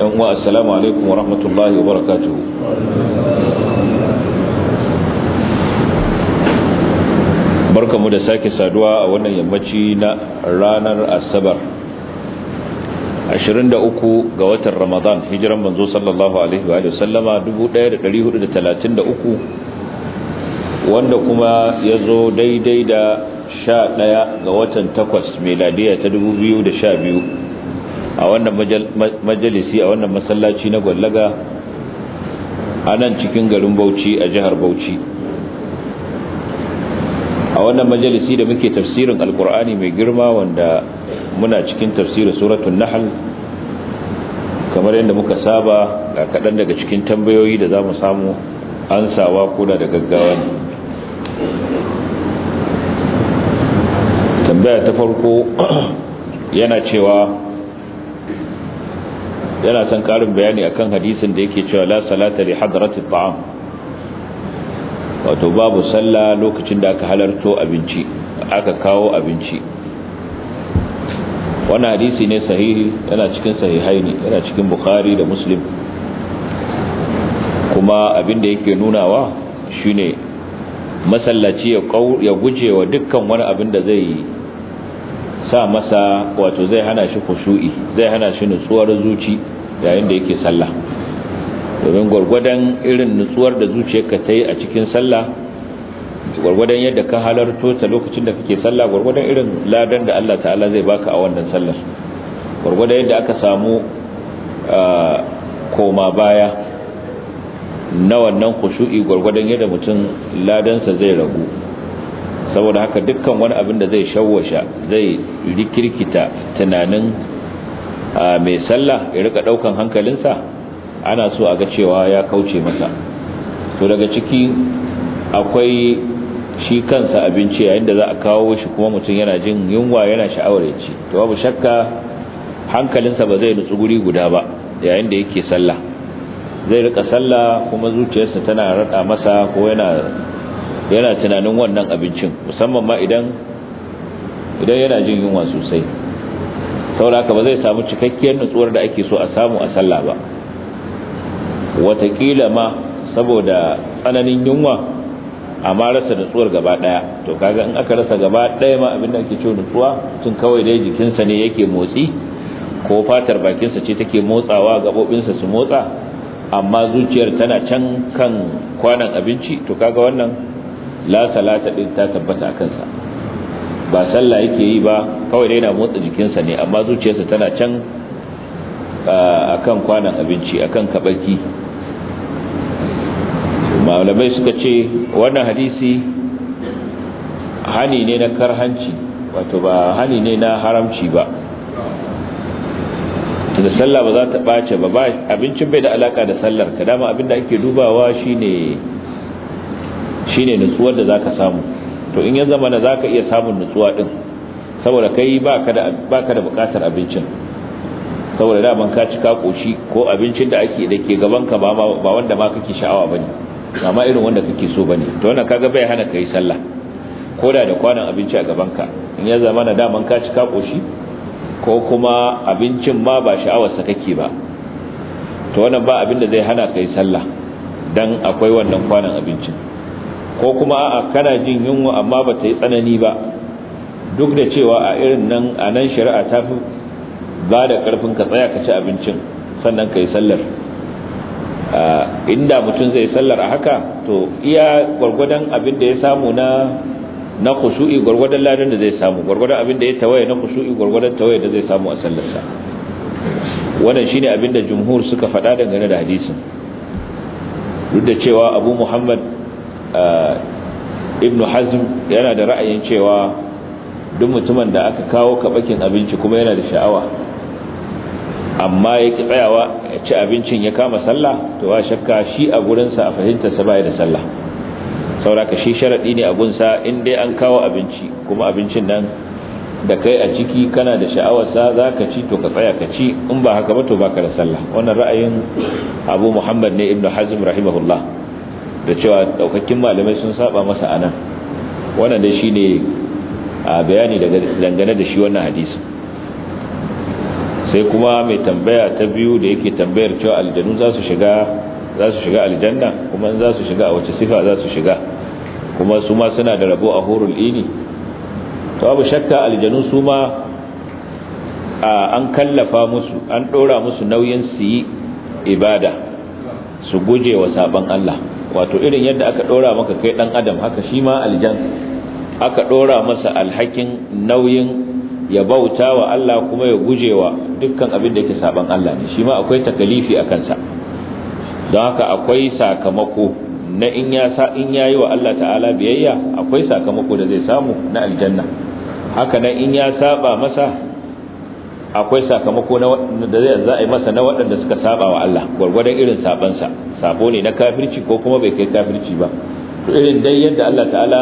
yan uwa assalamu alaikum wa rahmatullahi wa barakatu. barkamu da sake saduwa a wannan yammaci na ranar asabar 23 ga watan ramadan hijiran banzo sallallahu alaihi wa sallama 1433 wanda kuma ya zo daidai da 11 ga watan 8 meladiya ta 2012 a wannan majalisi a wannan masallaci na gwallaga a nan cikin garin bauchi a jihar bauchi a wannan majalisi da muke tafsirin alkur'ani mai girma wanda muna cikin tafsirin suratun nahal kamar yadda muka saba ga kaɗan daga cikin tambayoyi da za mu samu ansawa koda da gaggawa ne tambaya ta farko yana cewa yana son karin bayani akan hadisin da yake cewa la salata li hadrati ta'am wato babu sallah lokacin da aka halarto abinci aka kawo abinci wannan hadisi ne sahihi yana cikin sahihaini yana cikin bukhari da muslim kuma abin da yake nunawa shine masallaci ya guje wa dukkan wani abin da zai sa masa wato zai hana shi kushu'i zai hana shi nutsuwar zuci yayin da yake sallah domin gwargwadon irin nutsuwar da zuciyarka ta yi a cikin sallah gwargwadon yadda ka halarto ta lokacin da kake sallah gwargwadon irin ladan da Allah ta'ala zai baka a wannan sallar gwargwadon yadda aka samu koma baya na wannan kushu'i gwargwadon yadda mutum ladansa zai ragu saboda haka dukkan wani abin da zai shawwasha zai rikirkita tunanin mai sallah ya rika daukan hankalinsa ana so a ga cewa ya kauce masa to daga ciki akwai shi kansa abinci yayin da za a kawo shi kuma mutum yana jin yunwa yana sha'awar ya ci to babu shakka hankalinsa ba zai nutsu guri guda ba yayin da yake sallah zai rika sallah kuma zuciyarsa tana rada masa ko yana yana tunanin wannan abincin musamman ma idan idan yana jin yunwa sosai sauraka ba zai samu cikakkiyar nutsuwar da ake so a samu a sallah ba watakila ma saboda tsananin yunwa amma rasa nutsuwar gaba ɗaya to kaga in aka rasa gaba ɗaya ma abinda ake cewa nutsuwa tun kawai dai jikinsa ne yake motsi ko fatar bakinsa ce take motsawa gabobinsa su motsa amma zuciyar tana can kan kwanan abinci to kaga wannan la salata din ta tabbata a kansa ba sallah yake yi ba kawai dai na motsa jikinsa ne amma zuciyarsa tana can akan kwanan abinci akan kabaki malamai suka ce wannan hadisi hani ne na karhanci wato ba hani ne na haramci ba da sallah ba za ta ɓace ba abincin bai da alaka da sallar ka dama abinda ake dubawa shine shine nutsuwar da zaka samu to in ya zama na zaka iya samun nutsuwa din saboda kai baka da baka da bukatar abincin saboda ban ka ci ka koshi ko abincin da ake da ke gaban ka ba ba wanda ma kake sha'awa bane amma irin wanda kake so bane to wannan kaga bai hana kai sallah koda da kwanan abinci a gaban ka in ya zama na daman ka ci ka koshi ko kuma abincin ma ba sha'awar sa kake ba to wannan ba abin da zai hana kai sallah dan akwai wannan kwanan abincin ko kuma a'a kana jin yunwa amma ba ta yi tsanani ba duk da cewa a irin nan a nan shari'a ta fi ba da karfin ka tsaya ka ci abincin sannan ka yi sallar inda mutum zai sallar a haka to iya gwargwadon abin da ya samu na na khushu'i gwargwadon ladin da zai samu gwargwadon abin da ya tawaye na kusui gwargwadon tawaye da zai samu a sallarsa wannan shine abin da jumhur suka faɗa dangane da hadisin duk da cewa abu muhammad Eh, ibn hazm yana da ra'ayin cewa duk mutumin da aka kawo kabakin abinci kuma yana da sha'awa amma ya ki tsayawa ya ci abincin ya kama sallah to ba shakka shi a gurinsa a sa bai da sallah sauraka shi sharaɗi ne a gunsa in dai an kawo abinci kuma abincin nan da kai a ciki kana da sha'awarsa za ka ci to ka tsaya ka ci in ba haka ba to baka da sallah wannan ra'ayin abu muhammad ne ibn hazm rahimahullah da cewa daukakin malamai sun saba masa anan wannan dai shine a bayani daga dangane da shi wannan hadisi sai kuma mai tambaya ta biyu da yake tambayar cewa aljannu za su shiga za su shiga aljanna kuma za su shiga a wace sifa za su shiga kuma su ma suna da rabo a hurul ini to abu shakka aljannu su ma an kallafa musu an dora musu nauyin su yi ibada su guje wa sabon Allah wato irin yadda aka ɗora maka kai ɗan adam haka shi ma aljan aka ɗora masa alhakin nauyin ya bauta wa Allah kuma ya gujewa dukkan abin da yake saban Allah ne shi ma akwai takalifi a kansa don haka akwai sakamako na in ya sa in yayi wa Allah ta'ala biyayya akwai sakamako da zai samu na aljanna haka nan in ya saba masa akwai sakamako da zai za a yi masa na waɗanda suka saba wa Allah gwargwadon irin sabansa sabo ne na kafirci ko kuma bai kai kafirci ba to irin dai yadda Allah ta'ala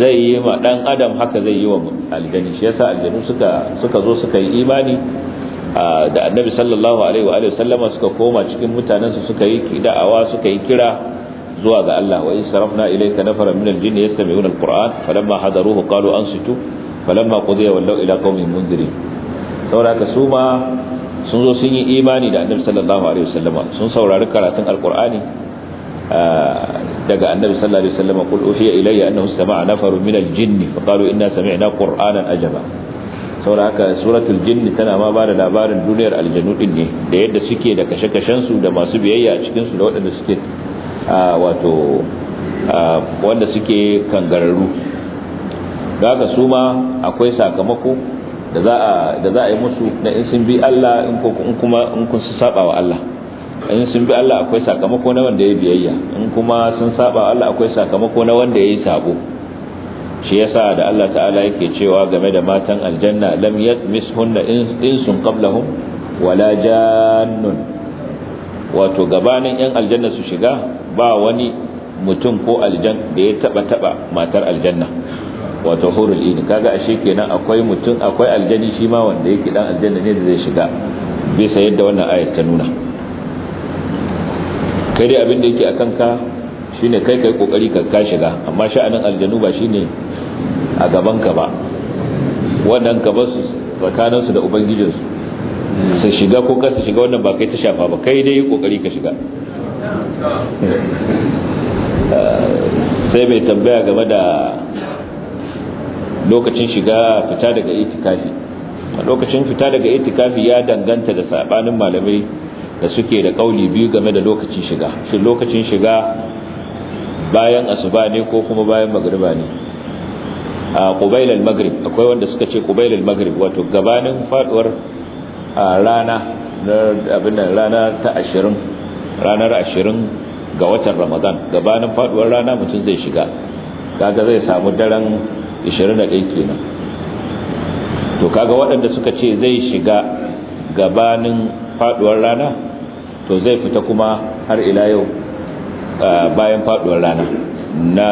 zai yi ma dan adam haka zai yi wa aljani shi yasa aljanu suka suka zo suka yi imani da annabi sallallahu alaihi wa alihi sallama suka koma cikin mutanensu suka yi da'awa suka yi kira zuwa ga Allah wa in sarafna ilayka nafara min al-jinn yastami'una al-Qur'an falamma hadaruhu qalu ansitu falamma qudiya wallaw ila qaumin munzirin saboda haka su ma sun zo sun yi imani da annabi sallallahu alaihi wasallam sun saurari karatun alqur'ani ah, daga annabi sallallahu alaihi wasallam qul uhiya ilayya annahu sama'a nafarun min al fa qalu inna sami'na qur'anan ajaba saboda haka suratul jinn tana ma bada labarin duniyar aljanu din ne da yadda suke da kashe-kashen su da masu biyayya a cikin su da waɗanda suke ah, wato ah, wanda suke kangararru daga su ma akwai sakamako da za a da za a yi musu na in sun bi Allah in ko in kuma in kun su saba wa Allah in sun bi Allah akwai sakamako na wanda ya biyayya in kuma sun saba wa Allah akwai sakamako na wanda ya yi sabo shi yasa da Allah ta'ala yake cewa game da matan aljanna lam yatmishunna insun qablahum wala jannun wato gabanin yan aljanna su shiga ba wani mutum ko aljan da ya taba taba matar aljanna wato hurul ini kaga ashe kenan akwai mutum akwai aljani shi ma wanda yake dan aljanna ne da zai shiga bisa yadda wannan ayat ta nuna kai dai abin da yake akan ka shine kai kai kokari ka ka shiga amma sha'anin aljanu ba shine a gaban ka ba wannan ka su tsakanin su da ubangijin su su shiga ko ka su shiga wannan ba kai ta shafa ba kai dai kokari ka shiga eh, sai mai tambaya game da lokacin shiga fita daga itikafi a lokacin fita daga itikafi ya danganta da sabanin malamai da suke da kauli biyu game da lokacin shiga shi lokacin shiga bayan asuba ne ko kuma bayan magriba ne a qubailal maghrib akwai wanda suka ce qubailal maghrib wato gabanin faduwar rana na abin rana ta 20 ranar 20 ga watan ramadan gabanin faduwar rana mutum zai shiga kaga zai samu daren 21 kenan to kaga waɗanda suka ce zai shiga gabanin faduwar rana to zai fita kuma har ila yau bayan faduwar rana na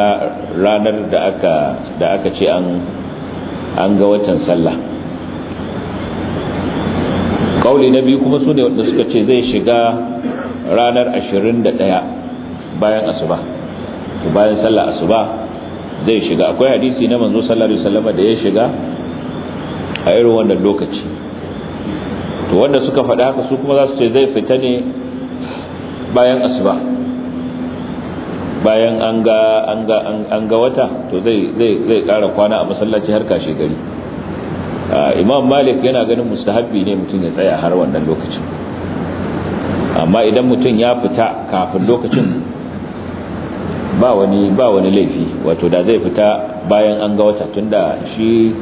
ranar da aka da aka ce an an ga watan sallah kauli na biyu kuma su ne wanda suka ce zai shiga ranar 21 bayan asuba bayan sallah asuba zai shiga akwai hadisi na manzo sallallahu alaihi wasallam da ya shiga a irin wannan lokaci to wanda suka faɗa haka su kuma za su ce zai fita ne bayan asuba bayan an ga an ga an ga wata to zai zai zai ƙara kwana a masallaci har kashe gari imam malik yana ganin mustahabbi ne mutum ya tsaya har wannan lokacin amma idan mutum ya fita kafin lokacin ba wani ba wani laifi wato da zai fita bayan an ga wata tunda shi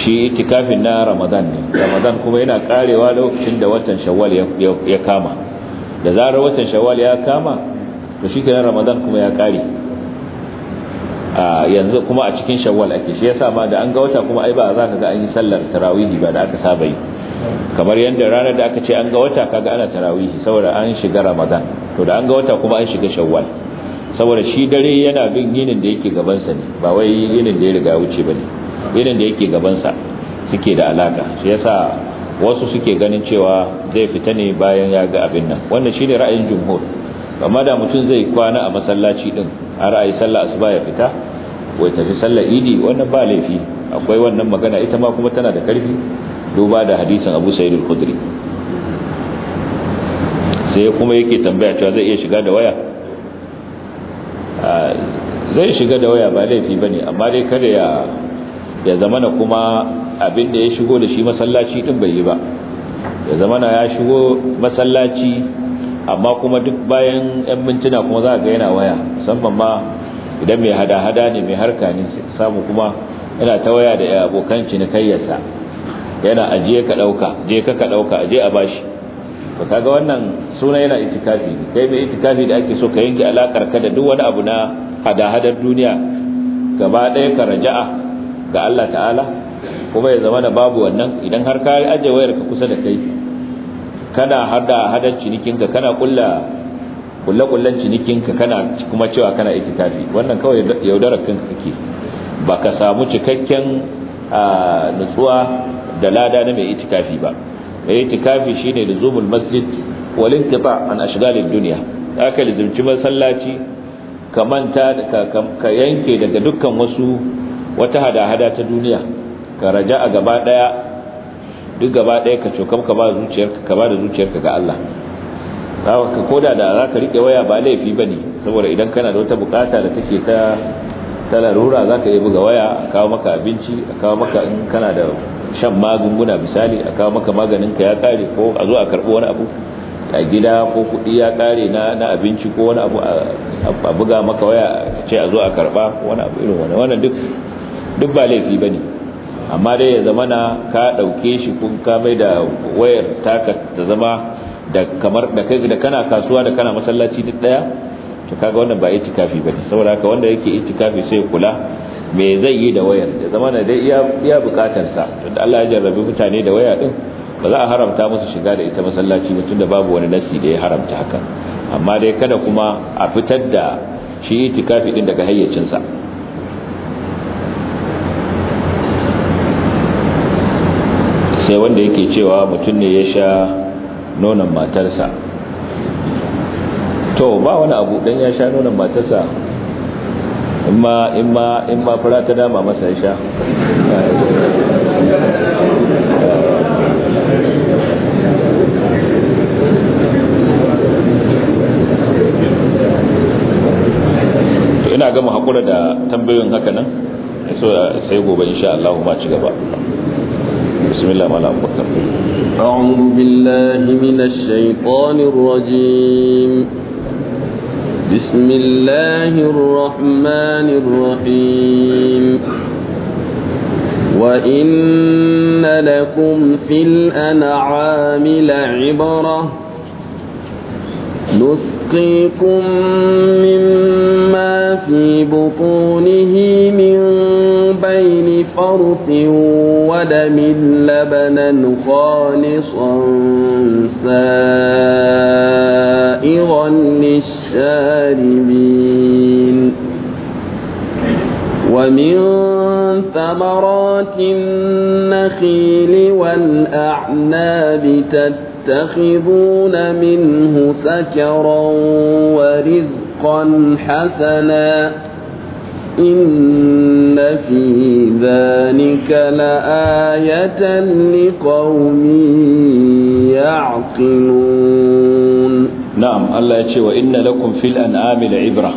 shi itikafin na ramadan ne ramadan kuma yana karewa lokacin da watan shawwal ya kama da zarar watan shawwal ya kama to shi kenan ramadan kuma ya kare a yanzu kuma a cikin shawwal ake shi yasa ma da an ga wata kuma ai ba za ka ga an yi sallar tarawihi ba da aka saba yi kamar yadda ranar da aka ce an ga wata kaga ana tarawihi saboda an shiga ramadan to da an ga wata kuma an shiga shawwal saboda shi dare yana bin yinin da yake gabansa ne ba wai yinin da ya riga wuce ba ne yinin da yake gabansa suke da alaka shi yasa wasu suke ganin cewa zai fita ne bayan ya ga abin nan wannan shine ra'ayin jumhur amma da mutum zai kwana a masallaci din a ra'ayi sallah asuba ya fita wai tafi sallah idi wannan ba laifi akwai wannan magana ita ma kuma tana da karfi duba da hadisin Abu Sa'id al-Khudri sai kuma yake tambaya cewa zai iya shiga da waya zai shiga da waya ba laifi ba bane amma dai kada ya ya zamana kuma abin da ya shigo da shi masallaci din bai yi ba ya zamana ya shigo masallaci amma kuma duk bayan yan mintuna kuma za ga yana waya musamman ma idan mai hada-hada ne mai harka ne samu kuma yana ta waya da abokan cinikayyarsa yana ajiye ka ɗauka je ka ka ɗauka aje a bashi ka kaga wannan suna yana itikafi ne kai mai itikafi da ake so ka yanke alakar ka da duk wani abu na hada-hadar duniya gaba ɗaya ka raja'a ga Allah ta'ala kuma ya zama da babu wannan idan har ka yi aje wayar ka kusa da kai kana hada-hadar cinikinka kana kulla kula cinikin cinikinka kana kuma cewa kana itikafi wannan kawai yaudarar kanka kake ba ka samu cikakken ah, nutsuwa da lada na mai itikafi ba mai itikafi shine luzumul masjid wal inqita an ashghalid dunya aka lizumci masallaci ka manta ka yanke daga dukkan wasu wata hada-hada ta duniya ka raja a gaba daya duk gaba daya ka cokam ka ba zuciyarka ka da zuciyarka ga Allah zaka ka koda da zaka rike waya ba laifi ba ne saboda idan kana da wata bukata da take ta ta larura zaka yi buga waya a kawo maka abinci a kawo maka in kana da shan magunguna misali a kawo maka maganin ka ya kare ko a zo a karbi wani abu a gida ko kudi ya kare na abinci ko wani abu a buga maka waya ce a zo a karba wani abu irin wani wannan duk ba laifi bane amma dai ya zama na ka ɗauke shi kun ka mai da wayar taka ta zama da kamar da kai da kana kasuwa da kana masallaci duk daya to kaga wannan ba itikafi bane saboda haka wanda yake itikafi sai kula me zai yi da wayar da zama na dai iya bukatarsa tunda Allah ya jarrabi mutane da waya din ba za a haramta musu shiga da ita masallaci ba da babu wani nasi da ya haramta haka amma dai kada kuma a fitar da shi itikafi din daga hayyacinsa sai wanda yake cewa mutum ne ya sha nonon matarsa to ba wani abu dan ya sha nonon matarsa Imma imma ma fura ta dama masa ya sha ina gama hakura da tambayoyin haka nan sai gobe insha Allah ma ci gaba بسم الله مالا أبو أعوذ بالله من الشيطان الرجيم بسم الله الرحمن الرحيم وإن لكم في الأنعام لعبرة نسخ نسقيكم مما في بطونه من بين فرث ودم لبنا خالصا سائغا للشاربين ومن ثمرات النخيل والأعناب تتبع تتخذون منه سكرا ورزقا حسنا إن في ذلك لآية لقوم يعقلون نعم الله يتشي وإن لكم في الأنعام لعبرة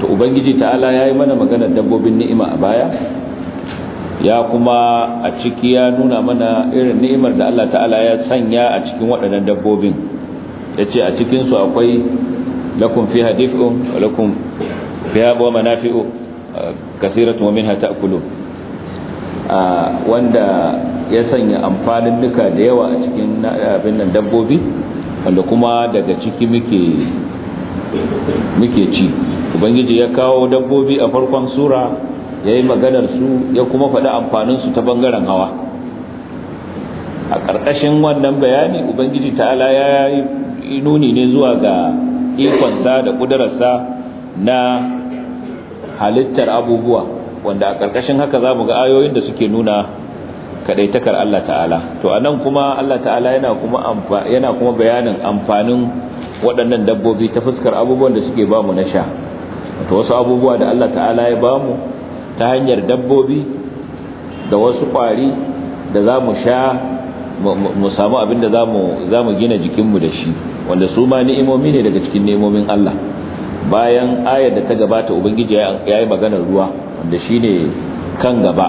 to ubangiji ta'ala ya yi mana بالنئمة dabbobin ni'ima a baya ya kuma a ciki ya nuna mana irin ni'imar da Allah ta'ala ya sanya a cikin waɗannan dabbobin ya ce a cikinsu akwai lakun fi hadif'un lakun fi haɓuwa manafi'u kasiratun wa min hata wanda ya sanya amfanin duka da yawa a cikin abin nan dabbobi wanda kuma daga ciki muke ci ubangiji ya kawo dabbobi a farkon sura ya yi maganar su ya kuma faɗi amfaninsu ta bangaren hawa a ƙarƙashin wannan bayani ubangiji ta'ala ya yi nuni ne zuwa ga ikonsa da ƙudurarsa na halittar abubuwa wanda a ƙarƙashin haka za mu ga ayoyin da suke nuna kaɗaitakar Allah ta'ala to a nan kuma Allah ta'ala yana kuma bayanin amfanin waɗannan dabbobi ta fuskar abubuwan da suke bamu na sha to wasu abubuwa da Allah ta'ala ya bamu ta hanyar dabbobi da wasu kwari da za mu sha mu samu abin da za mu gina jikinmu da shi wanda su ma ni'imomi ne daga cikin ni'imomin Allah bayan ayar da ta gabata ubangiji ya yi maganar ruwa wanda shi ne kan gaba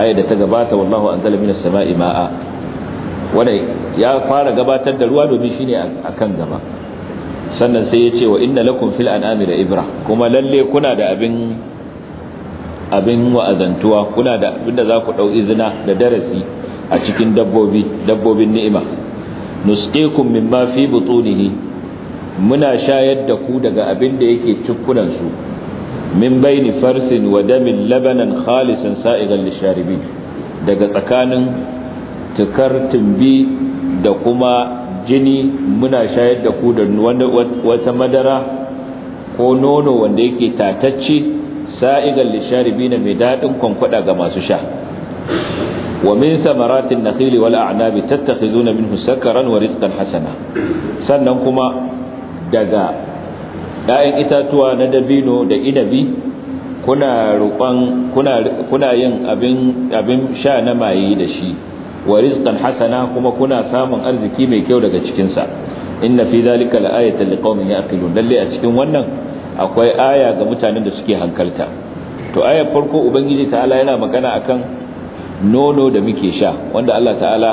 ayar da ta gabata wallahu an sama'i ma'a wanda ya fara gabatar da ruwa domin shi ne a kan gaba sannan sai ya ce wa inna lakum fil an'ami da ibra kuma lalle kuna da abin abin wa'azantuwa kuna da abin da za ku ɗau izina da darasi a cikin dabbobi dabbobin ni'ima min ma fi butunihi muna shayar da ku daga abin da yake cikunan su min baini farsin wa damin labanan khalisan sa'igan lisharibi daga tsakanin tukar tumbi da kuma jini muna shayar da ku da wata madara ko nono wanda yake tatacce biyu na mai daɗin kwankwada ga masu sha wa min samaratin nakhili wal a'nabi tattakhizuna minhu sakaran wa rizqan hasana sannan kuma daga ɗayan itatuwa na dabino da inabi kuna roƙon kuna yin abin sha na maye da shi wa rizqan hasana kuma kuna samun arziki mai kyau daga cikinsa. sa inna fi dhalika la'ayatan liqaumin yaqilun lalle a cikin wannan akwai aya ga mutanen da suke hankalta to ayar farko ubangiji ta'ala yana magana akan nono da muke sha wanda Allah ta'ala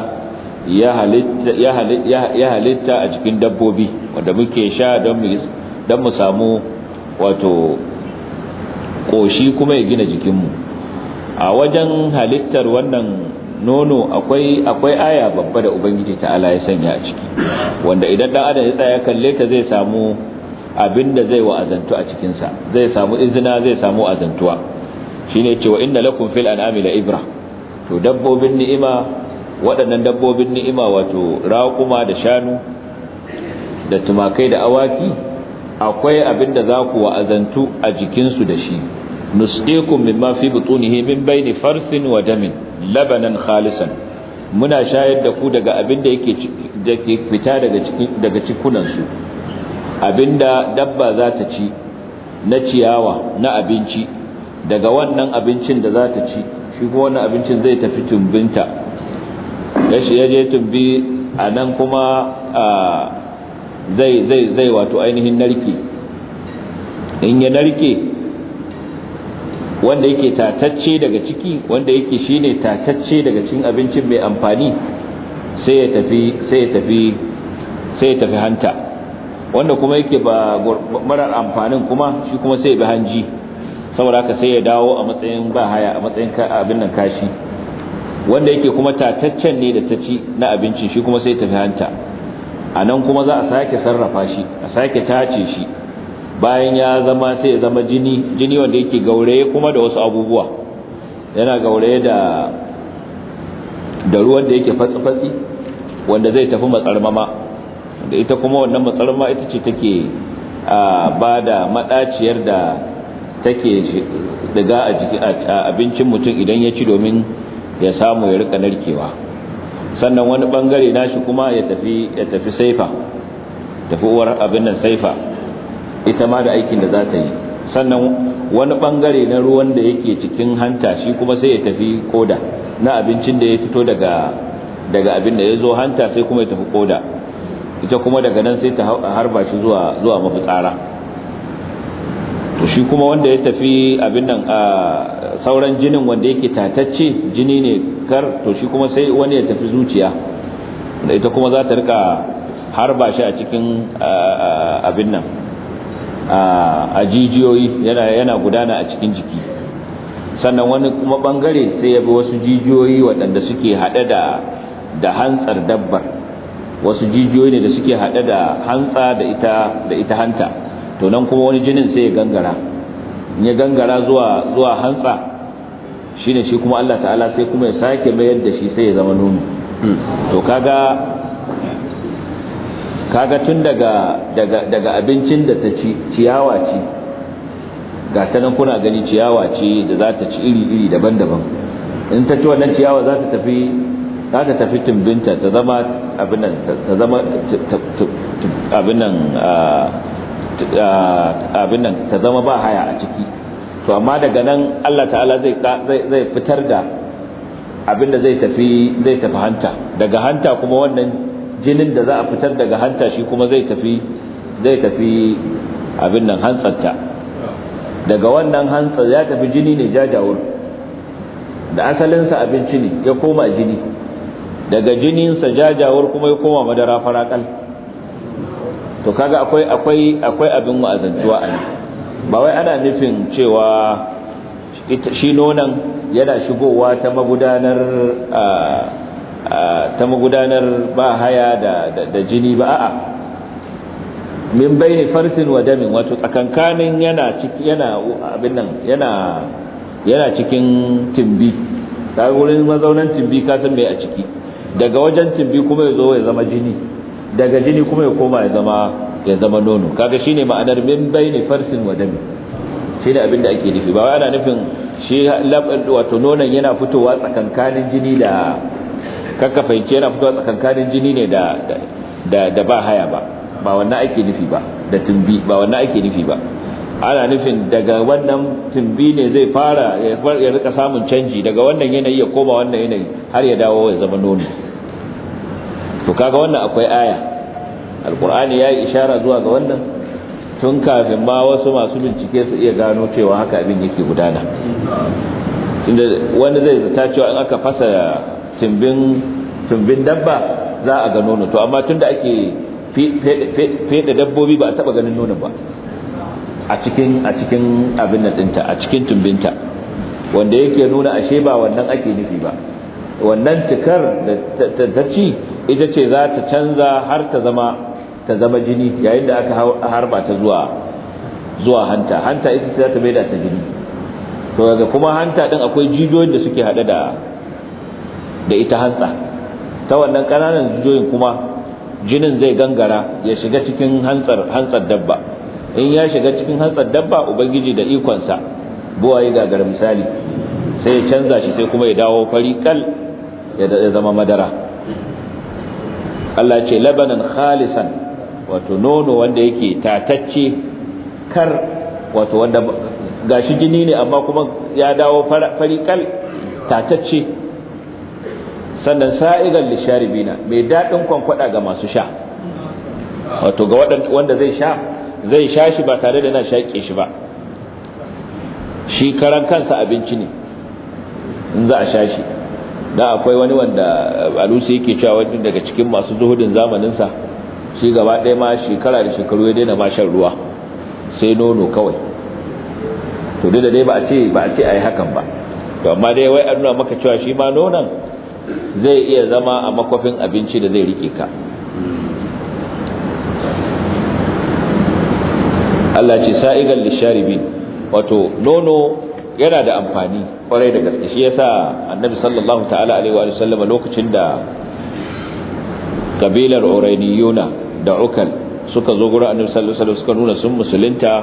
ya halitta a cikin dabbobi wanda muke sha don mu samu wato koshi kuma ya gina jikinmu a wajen halittar wannan nono akwai akwai aya babba da ubangiji ta'ala ya sanya a ciki wanda idan dan adam ya tsaya kalle ta zai samu abinda zai wa'azantu a cikinsa zai samu izina zai samu azantuwa shine cewa inna lakum fil an'ami la ibra to dabbobin ni'ima waɗannan dabbobin ni'ima wato raƙuma da shanu da tumakai da awaki akwai abinda za ku wa'azantu a jikinsu da shi nusqikum mimma fi butunihi min bayni farsin wa damin labanan khalisan muna shayar da ku daga abinda yake fita daga cikin daga cikunansu abinda dabba za ta ci na ciyawa na abinci daga wannan abincin da za ta ci shi kuma wannan abincin zai tafi tumbinta ya shi ya je tumbi a nan kuma zai zai zai wato ainihin narke in ya narke wanda yake tatacce daga ciki wanda yake ne tatacce daga cikin abincin mai amfani sai ya tafi hanta wanda kuma yake ba marar amfanin kuma shi kuma sai bi hanji saboda haka sai ya dawo a matsayin ba haya a matsayin abin nan kashi wanda yake kuma tataccen ne da ta ci na abincin shi kuma sai tafi hanta a nan kuma za a sake sarrafa shi a sake tace shi bayan ya zama sai ya zama jini jini wanda yake gauraye kuma da wasu abubuwa yana gauraye da da ruwan da yake fatsi-fatsi wanda zai tafi matsarmama da ita kuma wannan matsalar ma ita ce take ba da maɗaciyar da take daga a abincin mutum idan ya ci domin ya samu ya rika narkewa sannan wani bangare nashi kuma ya tafi tafi saifa tafi uwar abin nan saifa ita ma da aikin da za ta yi sannan wani bangare na ruwan da yake cikin hanta shi kuma sai ya tafi koda na abincin da ya fito daga daga abin da ya zo hanta sai kuma ya tafi koda ita kuma daga nan sai ta harba shi zuwa zuwa mafitsara to shi kuma wanda ya tafi abin nan a sauran jinin wanda yake tatacce jini ne kar to shi kuma sai wani ya tafi zuciya da ita kuma za ta rika harba shi a cikin abin nan a jijiyoyi yana gudana a cikin jiki sannan wani kuma bangare sai ya bi wasu jijiyoyi waɗanda suke haɗe da hantsar dabbar wasu jijiyoyi ne da suke haɗe da hantsa da ita da ita hanta to nan kuma wani jinin sai ya gangara ya gangara zuwa zuwa hantsa shine shi kuma Allah ta'ala sai kuma ya sake mayar da shi sai ya zama nono to kaga kaga tun daga daga daga abincin da ta ci ciyawa ce ga ta nan kuna gani ciyawa ce da za ta ci iri iri daban-daban in ta ci wannan ciyawa za ta tafi za ta tafi tumbinta ta zama abinan ta zama abinan abinan ta zama ba haya a ciki to amma daga nan Allah ta'ala zai zai fitar da abinda zai tafi zai tafi hanta daga hanta kuma wannan jinin da za a fitar daga hanta shi kuma zai tafi zai tafi abin nan hantsarta daga wannan hantsar ya tafi jini ne jajawur da asalinsa abinci ne ya koma jini daga jininsa jajawar kuma ya koma madara farakal to kaga akwai akwai akwai abin wa'azantuwa a nan ba wai ana nufin cewa shi nonon yana shigowa ta magudanar ta magudanar ba haya da, jini ba a'a min baini farsin wa damin wato tsakankanin yana ciki yana abin nan yana yana cikin timbi ta wurin mazaunan timbi ka san me a ciki daga wajen tumbi kuma ya zo ya zama jini daga jini kuma ya koma ya zama ya zama nono kaga shine ma'anar min bayni farsin wa dami shine abin da ake nufi ba wai ana nufin shi wato nonon yana fitowa tsakankanin jini da kakkafanke yana fitowa tsakankanin jini ne da da da ba haya ba ba wannan ake nufi ba da tumbi ba wannan ake nufi ba ana nufin daga wannan tumbi ne zai fara ya rika samun canji daga wannan yanayi ya koma wannan yanayi har ya dawo ya zama nono to kaga wannan akwai aya alkur'ani ya yi ishara zuwa ga wannan tun kafin ma wasu masu bincike su iya gano cewa haka abin yake gudana inda wani zai zata cewa in aka fasa tumbin dabba za a ga nono to amma tunda ake fede dabbobi ba a taba ganin nonon ba a cikin a cikin abin nan dinta a cikin tumbinta wanda yake nuna ashe ba wannan ake nufi ba wannan tikar da ta ci ita ce za ta canza har ta zama ta zama jini yayin da aka harba ta zuwa zuwa hanta hanta ita ce za ta maida ta jini to daga kuma hanta din akwai jijiyoyin da suke hada da da ita hanta ta wannan kananan jijiyoyin kuma jinin zai gangara ya shiga cikin hantsar hantsar dabba in ya shiga cikin hantsar dabba ubangiji da ikonsa buwaye gagar misali sai ya canza shi sai kuma ya dawo fari kal ya zama madara Allah ce labanan khalisan wato nono wanda yake tatacce kar wato wanda gashi jini ne amma kuma ya dawo fari kal tatacce sannan sa'igan lisharibina mai daɗin kwankwada ga masu sha wato ga wanda zai sha zai sha shi ba tare da na shaƙe shi ba shi karan kansa abinci ne in za a sha shi da akwai wani wanda uh, alusi yake cewa wani daga cikin masu zuhudin zamaninsa shi gaba ɗaya ma shekara da shekaru ya daina ma shan ruwa sai nono kawai to da dai ba a ce ba a ce ai hakan ba to amma dai wai an nuna maka cewa shi ma nonon zai iya zama a makwafin abinci da zai rike ka Allah ce sa'igan lisharibin wato nono yana da amfani kwarai da gaske shi yasa annabi sallallahu ta'ala alaihi wa sallam lokacin da kabilar urainiyuna da ukal suka zo gurin annabi sallallahu alaihi wasallam suka nuna sun musulunta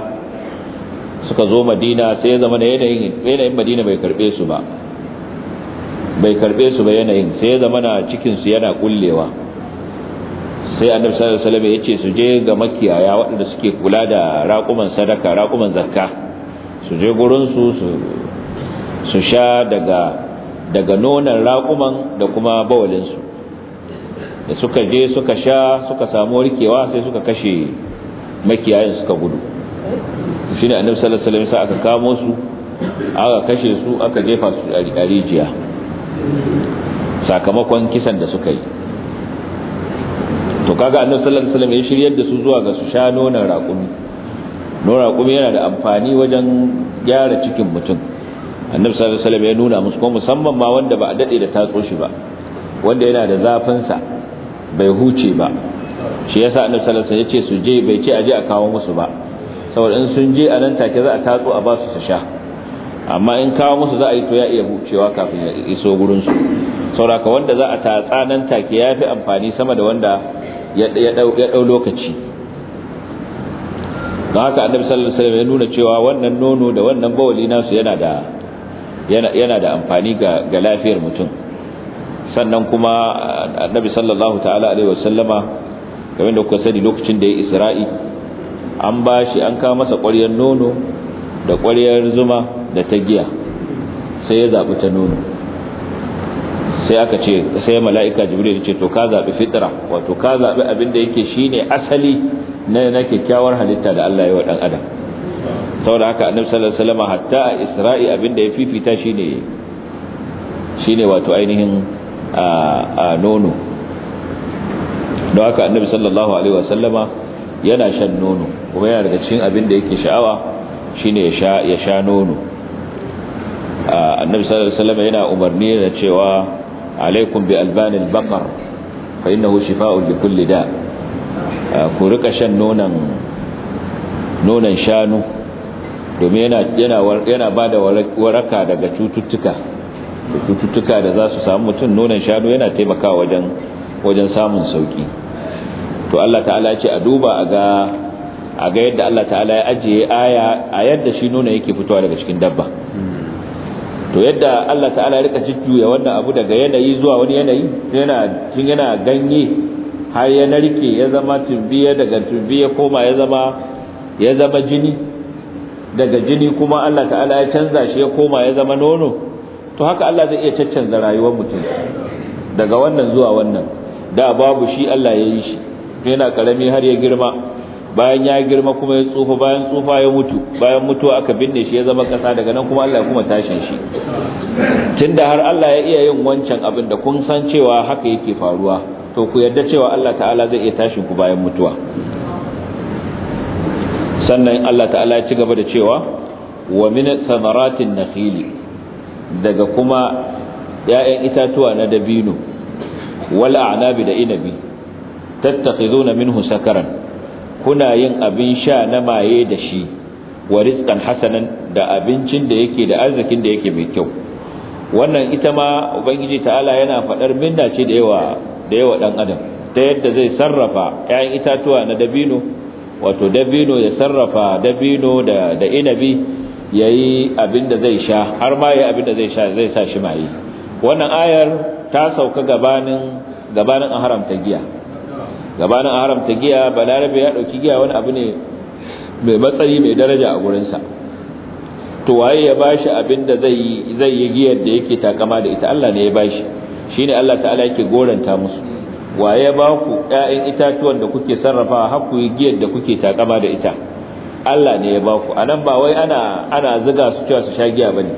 suka zo madina sai ya zama da yanayin yanayin madina bai karbe su ba bai karbe su ba yanayin sai ya zama na cikin su yana kullewa sai annabi sallallahu alaihi wasallam ya ce su je ga makiyaya waɗanda suke kula da raƙuman sadaka raƙuman zakka su je gurin su su sha daga daga nonon raƙuman da kuma bawalin su da suka je suka sha suka samu rikewa sai suka kashe makiyayan suka gudu shine annabi sallallahu alaihi wasallam sai aka kamo su aka kashe su aka jefa su a rijiya sakamakon kisan da suka yi to kaga annabi sallallahu alaihi wasallam ya shiryar da su zuwa ga su sha nonon raƙumi nonon raƙumi yana da amfani wajen gyara cikin mutum annabi sallallahu alaihi wasallam ya nuna musu ko musamman ma wanda ba a dade da tatso shi ba wanda yana da zafin sa bai huce ba shi yasa annabi sallallahu alaihi wasallam ya ce su je bai ce aje a kawo musu ba saboda in sun je a nan take za a tatso a ba su sha amma in kawo musu za a yi to ya iya bucewa kafin ya iso gurinsu sauraka wanda za a tatsa nan take yafi amfani sama da wanda ya ɗau lokaci don haka annabi sallallahu alaihi wasallam ya nuna cewa wannan nono da wannan bawali nasu yana da yana da amfani ga ga lafiyar mutum sannan kuma annabi sallallahu ta'ala alaihi wasallama kamar da kuka sani lokacin da ya isra'i an bashi an kawo masa ƙwaryar nono da ƙwaryar zuma da ta giya sai ya zaɓi ta nono sai aka ce sai mala'ika jibril ya ce to ka zabi fitra wato ka zabi abin da yake shine asali na na kyakkyawar halitta da Allah ya wa dan adam saboda haka annabi sallallahu alaihi wasallam hatta a isra'i abin da ya fifita shine shine wato ainihin a nono don haka annabi sallallahu alaihi wasallama yana shan nono kuma yana daga cikin abin da yake sha'awa shine ya sha ya sha nono annabi sallallahu alaihi wasallama yana umarni da cewa alaikum bi albanil baqar شفاء لكل داء li ku rika shan shanu domin yana yana yana bada waraka daga cututtuka cututtuka da za su samu mutum nonan shanu yana taimakawa wajen wajen samun sauki to Allah ta'ala ya ce a duba a ga a ga yadda Allah ta'ala ya ajiye aya a yadda shi nuna yake fitowa daga cikin dabba to yadda Allah ta'ala ya rika jujjuya wannan abu daga yanayi zuwa wani yanayi yana tun yana ganye har ya narke ya zama tumbiya daga tumbiya koma ya zama ya zama jini daga jini kuma Allah ta'ala ya canza shi ya koma ya zama nono to haka Allah zai iya caccanza rayuwar mutum daga wannan zuwa wannan da babu shi Allah ya yi shi yana karami har ya girma bayan ya girma kuma ya tsufa bayan tsufa ya mutu bayan mutuwa aka binne shi ya zama kasa daga nan kuma Allah ya kuma tashin shi tun da har Allah ya iya yin wancan abin da kun san cewa haka yake faruwa to ku yarda cewa Allah ta'ala zai iya tashin ku bayan mutuwa sannan Allah ta'ala ya ci gaba da cewa wa min samaratin nakhili daga kuma ya'yan itatuwa na dabino wal a'nabi da inabi tattakhizuna minhu sakaran kuna yin abin sha na maye da shi wa rizqan hasanan da abincin da yake da arzikin da yake mai kyau wannan ita ma ubangiji ta'ala yana faɗar minna ce da yawa da yawa dan adam ta yadda zai sarrafa ƴaƴan itatuwa na dabino wato dabino ya sarrafa dabino da da inabi yayi abin da zai sha har ma yayi abin da zai sha zai sa shi maye wannan ayar ta sauka gabanin gabanin an haramta giya gabanin a haramta giya balarabe ya dauki giya wani abu ne mai matsayi mai daraja a gurinsa to waye ya bashi abin da zai yi giyar da yake takama da ita Allah ne ya bashi shine Allah ta'ala yake goranta musu waye ya ku ƴaƴan itatuwan da kuke sarrafa har yi giyar da kuke takama da ita Allah ne ya baku anan ba wai ana ana zuga su cewa su sha giya bane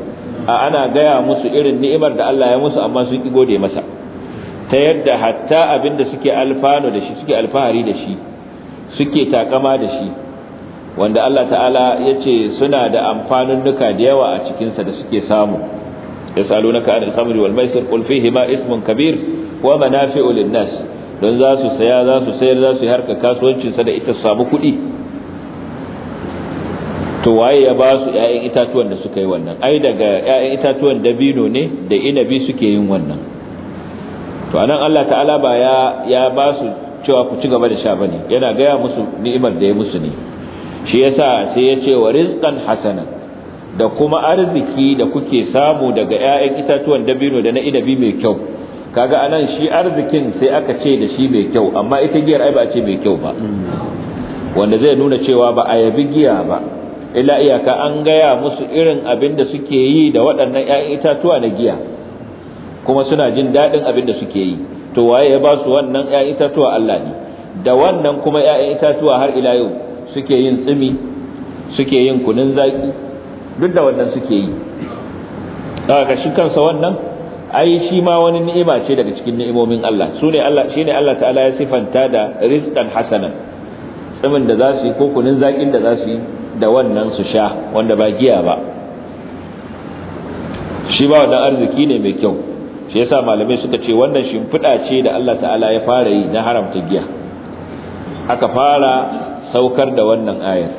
a ana gaya musu irin ni'imar da Allah ya musu amma su ki gode masa ta yadda hatta abinda suke alfano da shi suke alfahari da shi suke takama da shi wanda Allah ta'ala ya ce suna da amfanunnuka da yawa a cikinsa da suke samu ya salo na ka'adar samari walmaisir kulfi hima ismun kabir wa olin nas don za su saya za su sayar za su yi harka kasuwancinsa da ita samu kuɗi to waye ya ba su 'ya'yan itatuwan da suka yi wannan ai daga 'ya'yan itatuwan dabino ne da inabi suke yin wannan to anan Allah ta'ala ba ya ya ba su cewa ku ci gaba da sha bane yana gaya musu ni'imar da ya musu ne shi yasa sai ya ce wa rizqan hasanan da kuma arziki da kuke samu daga ƴaƴan itatuwan dabino da na inabi mai kyau kaga anan shi arzikin sai aka ce da shi mai kyau amma ita giyar ai ba a ce mai kyau ba wanda zai nuna cewa ba a yabi giya ba illa iyaka an gaya musu irin abin da suke yi da waɗannan ƴaƴan itatuwa na giya kuma suna jin daɗin abin da suke yi to waye ya ba su wannan ‘ya'yan itatuwa Allah ne da wannan kuma ‘ya'yan itatuwa har ila yau suke yin tsimi suke yin kunun zaƙi duk da wannan suke yi daga shi kansa wannan ai shi ma wani ni'ima ce daga cikin ni'imomin Allah su ne Allah shi ne Allah ta'ala ya sifanta da rizqan hasana tsimin da za su yi ko kunun zaƙin da za su yi da wannan su sha wanda ba giya ba shi ba wannan arziki ne mai kyau shi yasa malamai suka ce wannan shimfiɗa ce da Allah ta'ala ya fara yi na haramta giya aka fara saukar da wannan ayar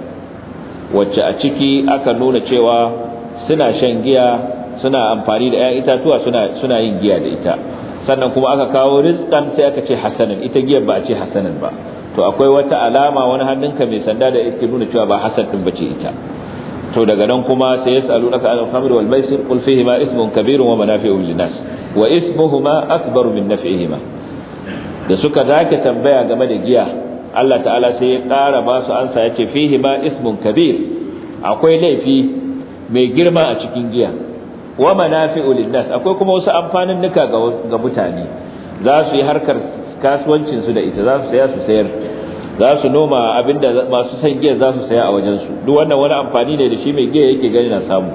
wacce a ciki aka nuna cewa suna shan giya suna amfani da 'ya'yan itatuwa suna yin giya da ita sannan kuma aka kawo rizqan sai aka ce hasanan ita giyar ba a ce hasanan ba to akwai wata alama wani hannunka mai sanda da yake nuna cewa ba hasan din bace ita to daga nan kuma sai yas'alunaka anil khamri wal maisir qul fihi ma ismun kabirun wa manafi'u lin nas wa ismuhuma akbaru min naf'ihima da suka zaka tambaya game da giya Allah ta'ala sai ya kara ba su ansa yace fihi ma ismun kabir akwai laifi mai girma a cikin giya wa manafi'u lin nas akwai kuma wasu amfanin nuka ga mutane za su yi harkar kasuwancin su da ita za su saya su sayar za su noma abinda masu san giya za su saya a wajensu duk wannan wani amfani ne da shi mai giya yake gani na samu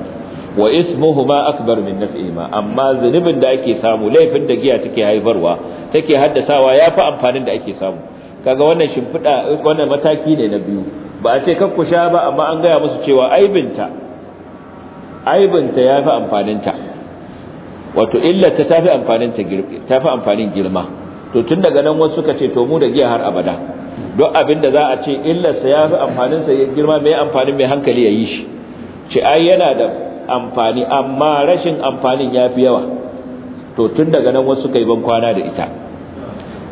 wa ismuhu ma akbar min naf'ihima amma zunubin da ake samu laifin da giya take haifarwa take haddasawa yafi amfanin da ake samu kaga wannan shimfida wannan mataki ne na biyu ba a ce kakku sha ba amma an gaya musu cewa aibinta aibinta yafi amfaninta wato illata ta amfaninta amfanin girma to tun daga nan wasu suka ce to mu da giya har abada Don abin da za a ce illarsa ya fi amfaninsa ya girma mai amfanin mai hankali ya yi shi ce ai yana da amfani amma rashin amfanin ya fi yawa to tun daga nan wasu kai ban kwana da ita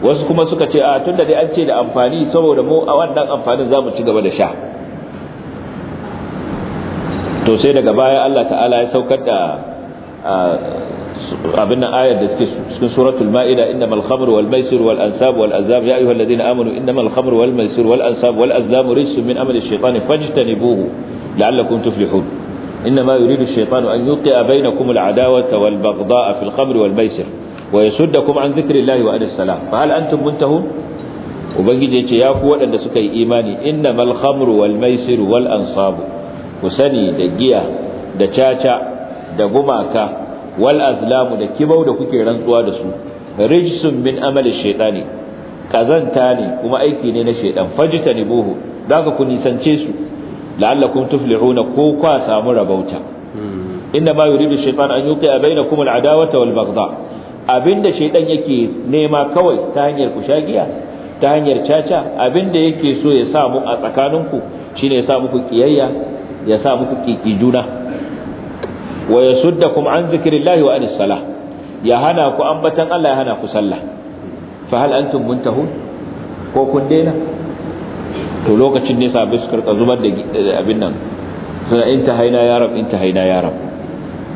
wasu kuma suka ce a tun da dai an ce da amfani saboda mu a wannan amfanin za mu ci gaba da sha to sai daga baya Allah ta'ala ya saukar da abin nan ayar da take cikin suratul ma'ida innamal khamru wal maisir wal ansab wal azab ya ayyuhal ladina amanu innamal khamru wal maisir wal ansab wal azlam rijsun min amali ash-shaytani fajtanibuhu la'allakum tuflihun ma yuridu ash-shaytanu an yuqi'a bainakum al-adawata wal baghdha'a fil khamri wal maisir wa yasuddakum an dhikrillahi wa anis salam fa hal antum muntahun ubangiji yace ya ku waɗanda suka yi imani innamal khamru wal maisir wal ansab ku sani da giya da caca da gumaka wal azlamu da kibau da kuke rantsuwa da su rijsun min amali shaytani kazanta ne kuma aiki ne na shaiɗan. Fajita shaytan fajtanibuhu daga ku nisance su la'allakum tuflihuna ko kwa samu rabauta hmm. inna ma yuridu shaytan an baina bainakum al'adawata wal baghdha abinda shaiɗan yake nema kawai ta hanyar ku kushagiya ta hanyar caca abinda yake so ya sa mu a tsakaninku shine ya sa muku kiyayya ya sa muku kiki juna wa ya sudda kuma an lahi wa anis salah ya hana ku ambatan Allah ya hana ku sallah fa hal antum muntahun ko kun daina to lokacin ne sabai su karka zubar da eh, abin nan suna haina ya rab intahaina ya rab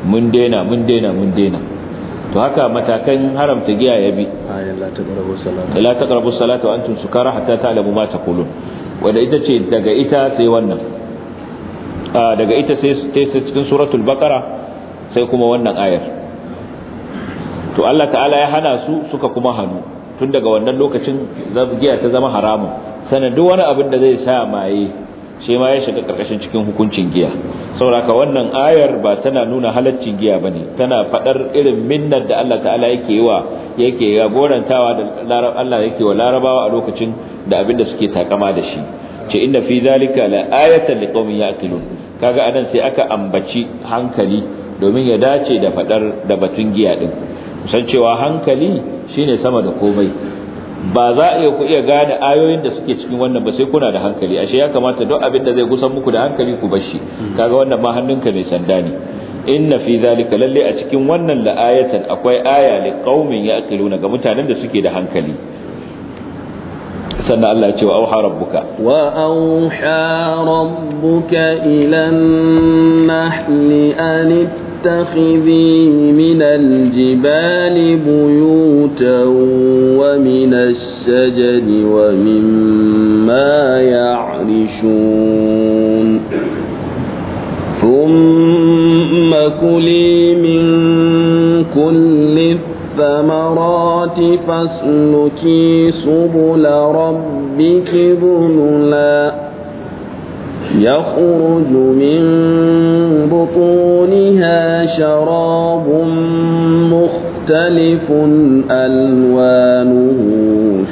mun daina mun daina mun daina to haka matakan haramta giya ya bi la taqrabu salata wa antum sukara hatta ta'lamu ma taqulun wanda ita ce daga ita sai wannan Ah, daga ita sai cikin suratul bakara sai kuma wannan ayar to Allah ta'ala ya hana su suka kuma hannu tun daga wannan lokacin giya ta zama haramun sanan duk wani abin da zai sa maye shi ma ya shiga karkashin cikin hukuncin giya saboda wannan ayar ba tana nuna halaccin giya ne. tana faɗar irin minnar da Allah ta'ala yake yi wa yake gorantawa da Allah yake wa larabawa a lokacin da abin da suke takama da shi ce inna fi zalika la ayatan liqawmin yaqilun kaga anan sai aka ambaci hankali domin ya dace da fadar da batun giya din san cewa hankali shine sama da komai ba za a iya ku iya gane ayoyin da suke cikin wannan ba sai kuna da hankali ashe ya kamata duk abin da zai gusan muku da hankali ku bar shi hmm. kaga wannan ma hannunka mai sanda ne inna fi zalika lalle a cikin wannan la'ayatan akwai aya li qaumin yaqiluna ga mutanen da suke da hankali سنة الله يتوى أوحى ربك وأوحى ربك إلى النحل أن اتخذي من الجبال بيوتا ومن الشجر ومما يعرشون ثم كلي من كل الثمرات فاسلكي سبل ربك ذللا يخرج من بطونها شراب مختلف ألوانه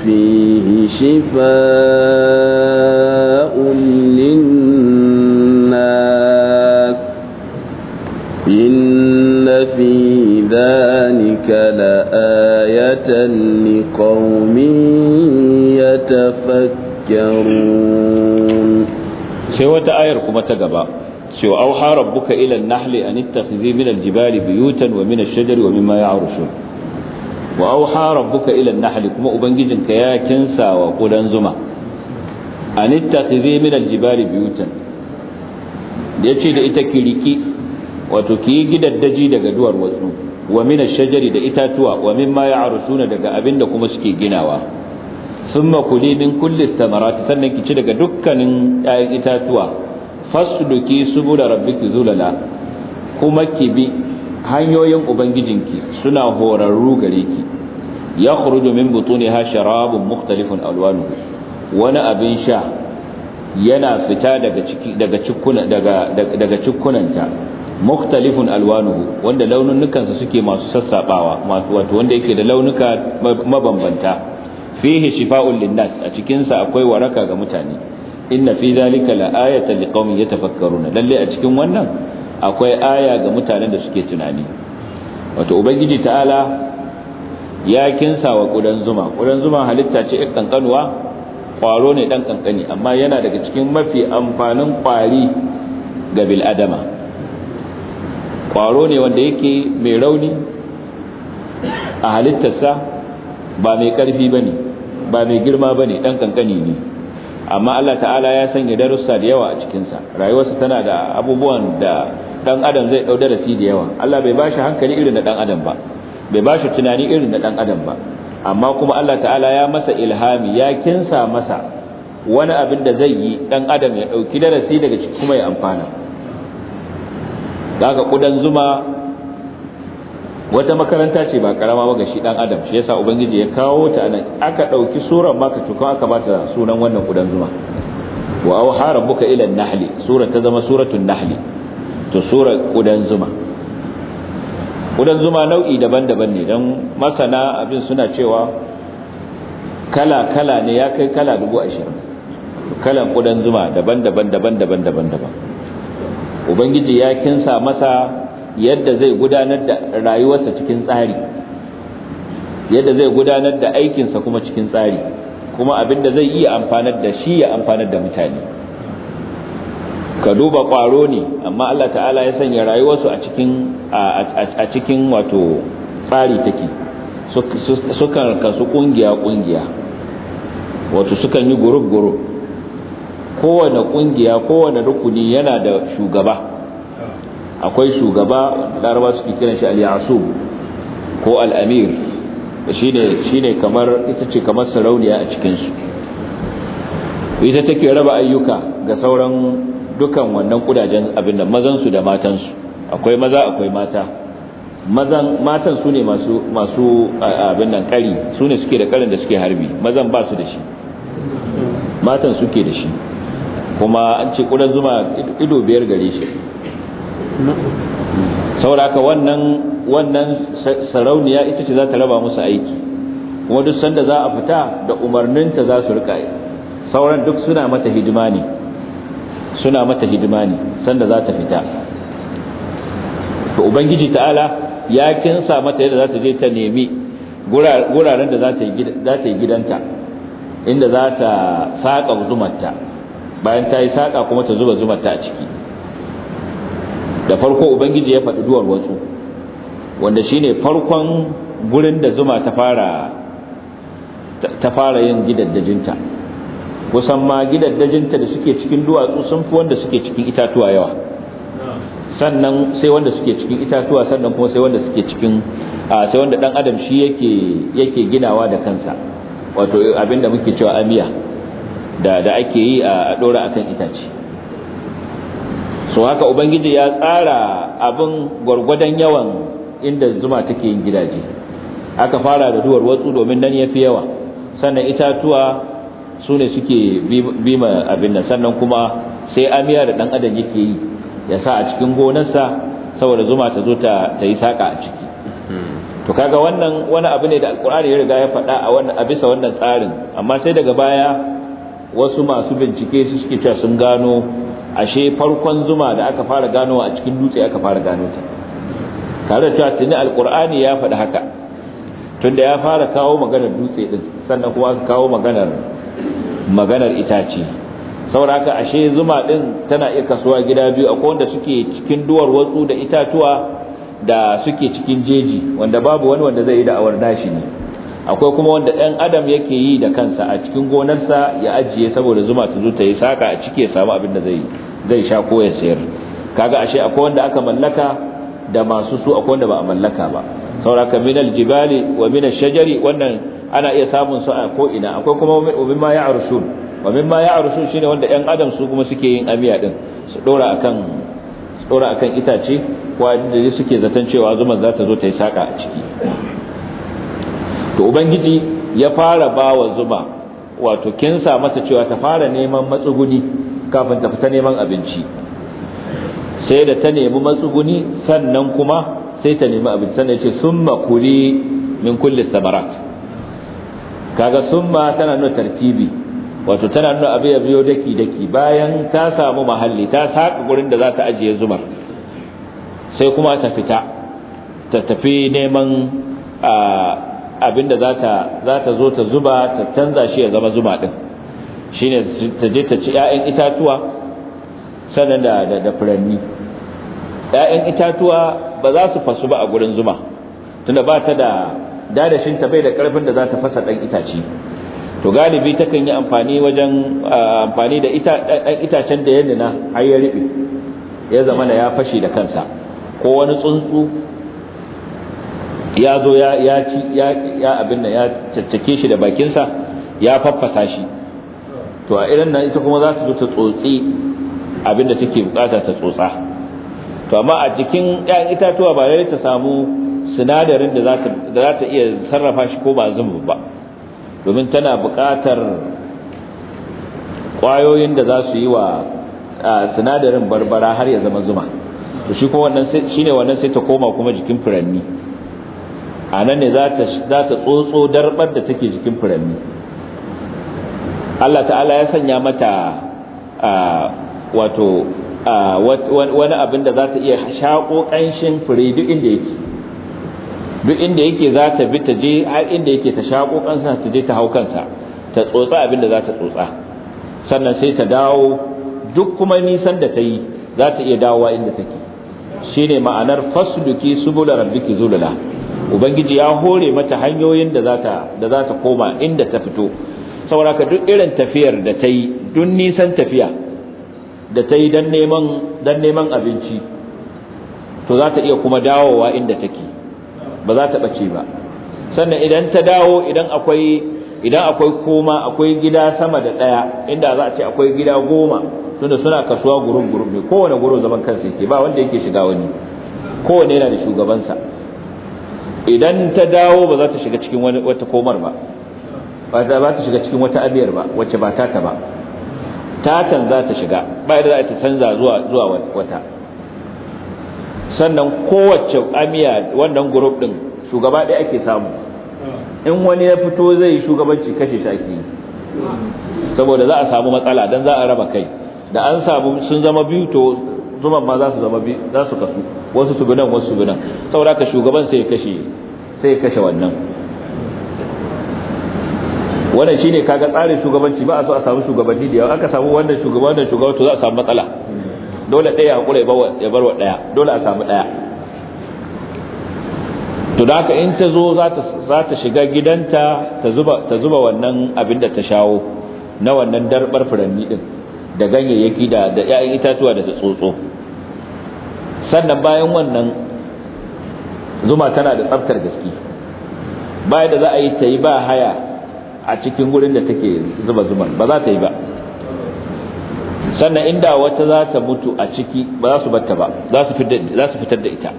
فيه شفاء للناس ذلك لآية لقوم يتفكرون sai wata ayar kuma ta gaba cewa auha rabbuka ila an-nahli an ittakhizi min al wa min ash wa mimma ya'rushun wa auha ila an kuma ubangijinka ya kinsa wa kudan zuma an yace da ita kiriki wato ki daji daga duwar wasu wa min ash-shajari da itatuwa wa mimma ya'rusuna daga abinda kuma suke ginawa thumma kuli min kulli thamarati sannan ki ci daga dukkanin 'ya'yan itatuwa fasluki subula rabbiki zulala kuma ki bi hanyoyin ubangijinki suna horarru gare ki ya khuruju min butuniha sharabun mukhtalifun alwanuhu wani abin sha yana fita daga ciki daga daga daga cikunanta muktalifun alwanuhu wanda launukansa suke masu sassabawa wato wanda yake da launuka mabambanta fihi shifa'un linnas a cikin sa akwai waraka ga mutane inna fi zalika la'ayatan liqaumin yatafakkaruna lalle a cikin wannan akwai aya ga mutanen da suke tunani wato ubangiji ta'ala ya kinsa wa kudan zuma kudan zuma halitta ce ɗan kankanuwa kwaro ne ɗan kankani amma yana daga cikin mafi amfanin kwari ga bil'adama. adama kwaro ne wanda yake mai rauni a halittarsa ba mai karfi ba ne ba mai girma ba ne ɗan kankani ne amma Allah ta'ala ya sanya darussa da yawa a cikinsa rayuwarsa tana da abubuwan da ɗan adam zai ɗau darasi da yawa Allah bai ba hankali irin na ɗan adam ba bai bashi tunani irin da ɗan adam ba amma kuma Allah ta'ala ya masa ilhami ya kinsa masa wani abin da zai yi ɗan adam ya ɗauki darasi daga ciki kuma ya amfana daga kudan zuma wata makaranta ce ba karama ba ga shi dan adam shi yasa ubangiji ya kawo ta anan aka dauki suran maka tukan aka bata sunan wannan kudan zuma wa auha rabbuka ila an-nahli sura ta zama suratul nahli to sura kudan zuma kudan zuma nau'i daban-daban ne dan masana abin suna cewa kala kala ne ya kai kala dubu 20 kalan kudan zuma daban-daban daban-daban daban-daban ubangiji ya kinsa masa yadda zai gudanar da rayuwarsa cikin tsari yadda zai gudanar da aikinsa kuma cikin tsari kuma abin da zai iya amfanar da shi ya amfanar da mutane ka duba kwaro ne amma Allah ta'ala ya sanya rayuwarsu a cikin a cikin wato tsari take sukan kasu kungiya kungiya wato sukan yi gurub gurub kowane kungiya kowane rukuni yana da shugaba akwai shugaba larabawa suke kiran shi al yasu ko al-amir shine shine kamar ita ce kamar sarauniya a cikin su ita take raba ayyuka ga sauran dukan wannan kudajen abin da mazan su da matan su akwai maza akwai mata mazan matan su ne masu masu abin nan kari su ne suke da karin da suke harbi mazan ba su da shi matan suke da shi kuma an ce ƙudan zuma ido biyar gare shi sauraka wannan wannan sarauniya ita ce za ta raba musu aiki kuma duk sanda za a fita da umarninta za su rika sauran duk suna mata hidima ne suna mata hidima ne sanda za ta fita to ubangiji ta'ala ya kinsa mata yadda za ta je ta nemi guraren da za ta yi gidanta inda za ta saƙa zumarta bayan ta yi saƙa kuma ta zuba zuma ta a ciki da farko ubangiji ya faɗi duwar wasu wanda ne farkon gurin da zuma ta fara ta fara yin gidaddajinta kusan ma gidaddajinta da suke cikin duwatsu sun fi wanda suke cikin itatuwa yawa sannan sai wanda suke cikin itatuwa sannan kuma sai wanda suke cikin sai wanda dan adam shi yake ginawa da kansa wato abinda muke cewa amiya da da ake yi a dora akan itace so haka ubangiji ya tsara abin gwargwadon yawan inda zuma take yin gidaje aka fara da duwar watsu domin nan yafi yawa sannan itatuwa su suke bima abin nan sannan kuma sai amiya da dan adam yake yi ya sa a cikin gonarsa saboda zuma ta zo ta yi saka a ciki to kaga wannan wani abu ne da alkur'ani ya riga ya faɗa a bisa wannan tsarin amma sai daga baya wasu masu bincike su suke cewa sun gano ashe farkon zuma da aka fara gano a cikin dutse aka fara gano ta tare da cewa tuni alkur'ani ya faɗi haka tunda ya fara kawo maganar dutse din sannan kuma aka kawo maganar maganar itace saboda haka ashe zuma din tana iya kasuwa gida biyu akwai wanda suke cikin duwar watsu da itatuwa da suke cikin jeji wanda babu wani wanda zai yi da'awar nashi ne akwai kuma wanda ɗan adam yake yi da kansa a cikin gonarsa ya ajiye saboda zuma su zo ta yi saka a ciki ya samu abin da zai zai sha ko ya sayar kaga ashe akwai wanda aka mallaka da masu su akwai wanda ba a mallaka ba sauraka minal jibali wa minal shajari wannan ana iya samun su a ko ina akwai kuma wa mimma ya'rushun wa mimma ya'rushun shine wanda ɗan adam su kuma suke yin amiya din su dora akan su dora akan itace ko da suke zaton cewa zuma za ta zo ta yi saka a ciki to ubangiji ya fara bawa zuma wato kinsa mata cewa ta fara neman matsuguni kafin ta fita neman abinci sai da ta nemi matsuguni sannan kuma sai ta nemi abinci sannan ya ce summa kuli min kulli samarat kaga summa tana nuna tartibi wato tana nuna abu biyo daki daki bayan ta samu mahalli ta saka gurin da za ta ajiye zumar sai kuma ta fita ta tafi neman ah, abinda za ta za ta zo ta zuba ta canza shi ya zama zuma din shine ta je ta ci ƴaƴan itatuwa sannan da da furanni ƴaƴan itatuwa ba za su fasu ba a gurin zuma tunda ba ta da dadashin ta bai da karfin da za ta fasa dan itace to galibi takan yi amfani wajen amfani da itacen da ya na har ya ya zama da ya fashe da kansa ko wani tsuntsu ya zo ya ci ya abin da ya caccake shi da bakinsa ya faffasa shi to a irin nan ita kuma za ta zo ta tsotsi abin da take bukata ta tsotsa to amma a jikin ƴaƴan itatuwa ba ta samu sinadarin da za ta iya sarrafa shi ko ba zumu ba domin tana bukatar kwayoyin da za su yi wa sinadarin barbara har ya zama zuma to shi ko wannan shine wannan sai ta koma kuma jikin furanni a nan ne za ta tsotso darbar da take jikin furanni Allah ta'ala ya sanya mata wato wani abin da za ta iya shaƙo ƙanshin fure duk inda yake duk inda yake za ta bi ta je har inda yake ta shaƙo ƙansa ta je ta hau kansa ta tsotsa abin da za ta tsotsa sannan sai ta dawo duk kuma nisan da ta yi za ta iya dawowa inda take shine ma'anar fasluki subula rabbiki zulula ubangiji ya hore mata hanyoyin da zata da koma inda ta fito saboda ka duk irin tafiyar da ta yi duk nisan tafiya da ta yi don neman abinci to za ta iya kuma dawowa inda take ba za ta bace ba sannan idan ta dawo idan akwai idan akwai koma akwai gida sama da ɗaya, inda za a ce akwai gida goma tunda suna kasuwa gurin gurin ne kowane gurin zaman kansa yake ba wanda yake shiga wani kowane yana da shugabansa idan ta dawo ba za ta shiga cikin wata komar ba ba ta shiga cikin wata abiyar ba wacce ba ta ta ba can za ta shiga ba da za ta canza zuwa zuwa wata sannan kowace amiya wannan group din shugaba ɗaya ake samu in wani ya fito zai yi shugabanci kashe shi yi saboda za a samu matsala dan za a raba kai da an samu sun zama biyu to zuman ma za su zama biyu za su kasu wasu su binan wasu binan saboda ka shugaban sai kashe sai kashe wannan wannan shine kaga tsarin shugabanci ba a so a samu shugabanni da yawa aka samu wannan shugaban, wannan shugaba to za a samu matsala dole ɗaya hakura ya bar wa ɗaya dole a samu ɗaya to da haka in ta zo za ta shiga gidanta ta zuba wannan abin da ta shawo na wannan darbar furanni din da ganyayyaki da 'ya'yan itatuwa da ta tsotso sannan bayan wannan zuma tana da tsaftar gaske bayan da za a yi ta yi ba haya a cikin gurin da take zuba zuman ba za ta yi ba sannan inda wata za ta mutu a ciki ba za su batta ba za su fitar da ita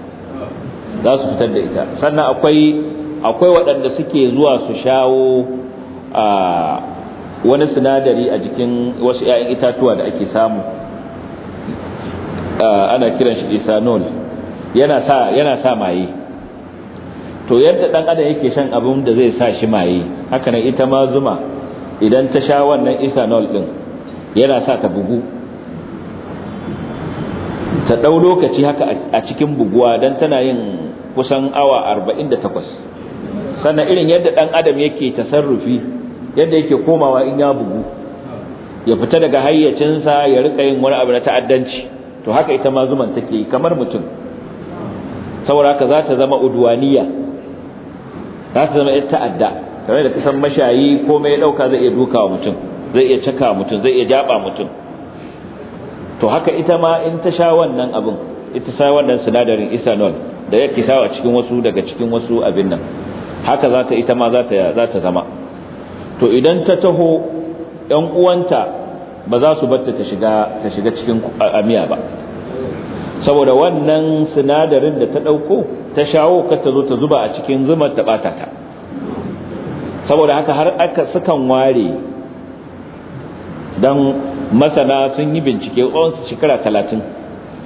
za su fitar da ita sannan akwai akwai waɗanda suke zuwa su shawo a wani sinadari a jikin wasu 'ya'yan itatuwa da ake samu ana kiran shi isanol yana sa yana sa maye to yadda dan adam yake shan abun da zai sa shi maye haka nan ita ma zuma idan ta sha wannan ethanol din yana sa ta bugu ta dau lokaci haka a cikin buguwa dan tana yin kusan awa 48 sannan irin yadda dan adam yake tasarrufi yadda yake komawa in ya bugu ya fita daga hayyacinsa ya rika yin wani abu na ta'addanci to haka ita ma zuman take kamar mutum saboda haka za ta zama udwaniya za ta zama ta'adda kamar da kasan mashayi komai mai dauka zai iya dukawa mutum zai iya caka mutum zai iya jaba mutum to haka ita ma in ta sha wannan abin ita sha wannan sinadarin ethanol da yake sawa cikin wasu daga cikin wasu abin nan haka za ta ita ma za ta za ta zama to idan ta taho ɗan uwanta ba za su batta ta shiga ta shiga cikin amiya ba saboda wannan sinadarin da ta dauko ta shawo ka ta zo ta zuba a cikin zumar ta bata ta saboda haka har aka sukan ware dan masana sun yi bincike on shekara talatin,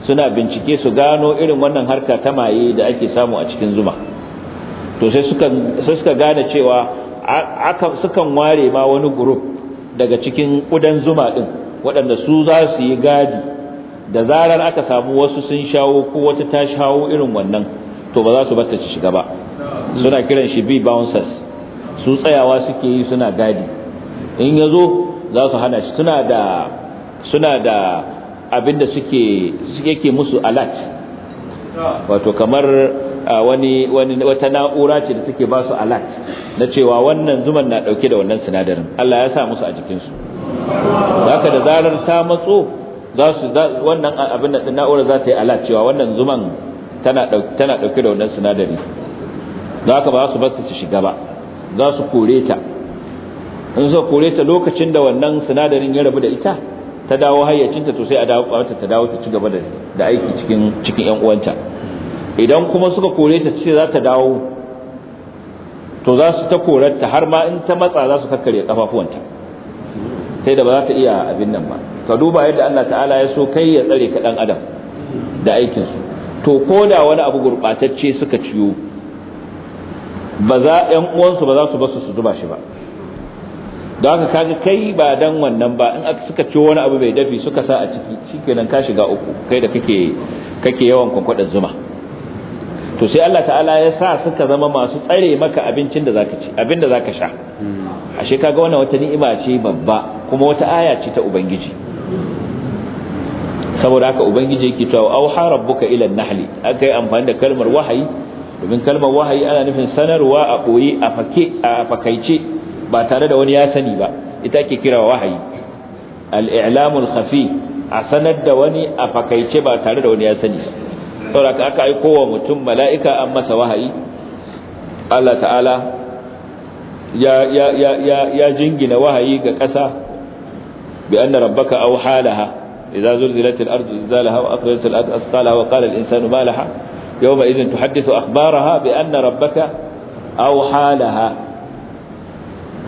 suna bincike su gano irin wannan harka ta maye da ake samu a cikin zuma to sai suka gane cewa sukan ware ma wani group daga cikin ƙudan zuma ɗin waɗanda su za su yi gadi da zarar aka samu wasu sun shawo ko wata ta shawo irin wannan to ba za su bata ci shiga ba suna kiran shi bi bouncers su tsayawa suke yi suna gadi in ya zo za su hana shi suna da suna da abin da suke suke musu alat wato kamar wani wata na'ura ce da take ba su alat na cewa wannan zuman na dauke da wannan sinadarin Allah ya sa musu a jikin su haka da zarar ta matso za su wannan abin da na'ura za ta yi alat cewa wannan zuman tana tana dauke da wannan sinadari za ka ba su bar ci shiga ba za su kore ta in suka kore ta lokacin da wannan sinadarin ya rabu da ita ta dawo hayyacinta to sai a dawo ta dawo ta ci gaba da aiki cikin cikin ƴan uwanta idan kuma suka kore ta ce za ta dawo to za su ta korarta har ma in ta matsa za su kakkare kafafuwanta sai da ba za ta iya abin nan ba ka duba yadda Allah ta'ala ya so kai ya tsare ka dan adam da aikin su to da wani abu gurbatacce suka ciyo ba za ƴan uwansu ba za su basu su zuba shi ba don haka kaga kai ba dan wannan ba in suka ciyo wani abu bai dafi suka sa a ciki shikenan ka shiga uku kai da kake kake yawan kwankwadan zuma to sai Allah ta'ala ya sa suka zama masu tsare maka abincin da zaka ci abin da zaka sha hmm. ashe kaga wannan wata ni'ima ce babba kuma wata aya ce ta ubangiji saboda haka ubangiji yake cewa auha rabbuka ila an-nahli akai amfani da kalmar wahayi domin kalmar wahayi ana nufin sanarwa a koyi a fake a fakaice ba tare da wani ya sani ba ita ake kira wahayi al-i'lamul khafi a sanar da wani a fakaice ba tare da wani ya sani ba saboda aka aiko wa mutum mala'ika an masa wahayi Allah ta'ala ya jingina wahayi ga ƙasa bi rabbaka halaha idza ardu wa ardu asqalaha wa qala al-insanu ma laha yawma idhin tuhaddithu akhbaraha bi anna rabbaka aw halaha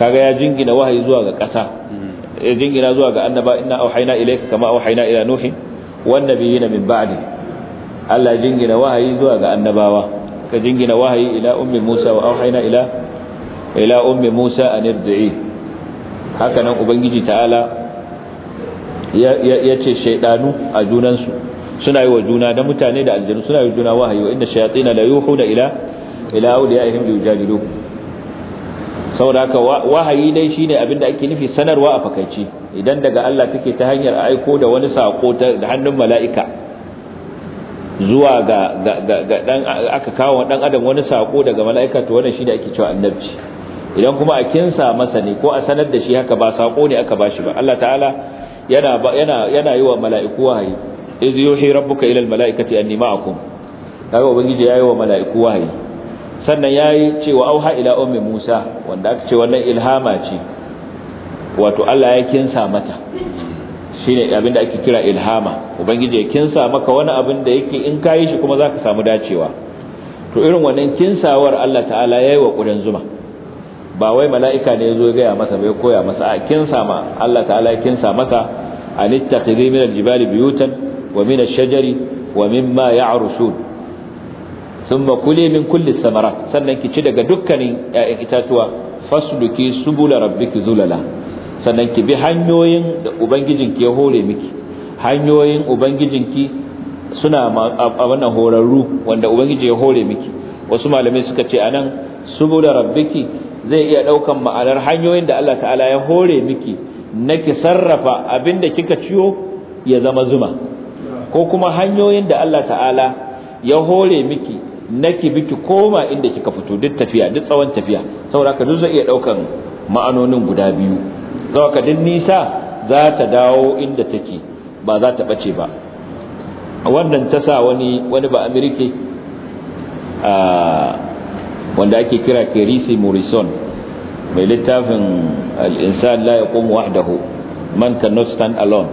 kaga ya jingina wahayi zuwa ga ya jingina zuwa ga annaba inna ilayka kama ila nuhin wan nabiyina min ba'di Allah jingina wahayi zuwa ga annabawa ka jingina wahayi ila ummi Musa wa auhayna ila ila ummi Musa an irdi'i haka nan ubangiji ta'ala ya ce shaydanu a junansu suna yi wa juna da mutane da aljanu suna yi juna wahayi wa inna shayatin la da ila ila awliyaihim liyujadilu saboda haka wahayi dai shine abinda ake nufi sanarwa a fakaici idan daga Allah take ta hanyar aiko da wani sako da hannun mala'ika zuwa ga dan aka kawo dan adam wani sako daga mala'ika to wannan shine ake cewa annabci idan kuma a kinsa masa ne ko a sanar da shi haka ba sako ne aka bashi ba Allah ta'ala yana yana yana yi wa mala'iku wahayi iz yuhi rabbuka ila al mala'ikati anni ma'akum kaga ubangiji yayi wa mala'iku wahayi sannan yayi cewa auha ila ummi Musa wanda aka ce wannan ilhama ce wato Allah ya kinsa mata shine abin da ake kira ilhama ubangiji ya kinsa maka wani abin da yake in kayi shi kuma zaka samu dacewa to irin wannan kinsawar Allah ta'ala yayi wa ƙudan zuma ba wai mala'ika ne yazo ga ya masa bai koya masa a kin sa ma Allah ta'ala kin sa masa anittakhidhi min aljibali buyutan wa min ash-shajari wa mimma ya'rusun thumma kuli min kulli samarat sannan ki ci daga dukkanin 'ya'yan itatuwa fasluki subula rabbiki zulala sannan ki bi hanyoyin da ubangijinki ya hore miki hanyoyin ubangijinki suna a wannan horarru wanda ubangiji ya hore miki wasu malamai suka ce anan subula rabbiki zai iya daukan ma'anar hanyoyin da Allah ta'ala ya hore miki nake sarrafa abinda kika ciyo ya zama zuma ko kuma hanyoyin da Allah ta'ala ya hore miki nake biki koma inda kika fito duk tafiya duk tsawon tafiya saboda ka duk zai iya daukan ma'anonin guda biyu zama ka din nisa za ta dawo inda take ba za ta bace ba wannan ta sa wani wani ba amerika a wanda ake kira kerisi morrison mai littafin al'insan la ya wahdahu man cannot stand alone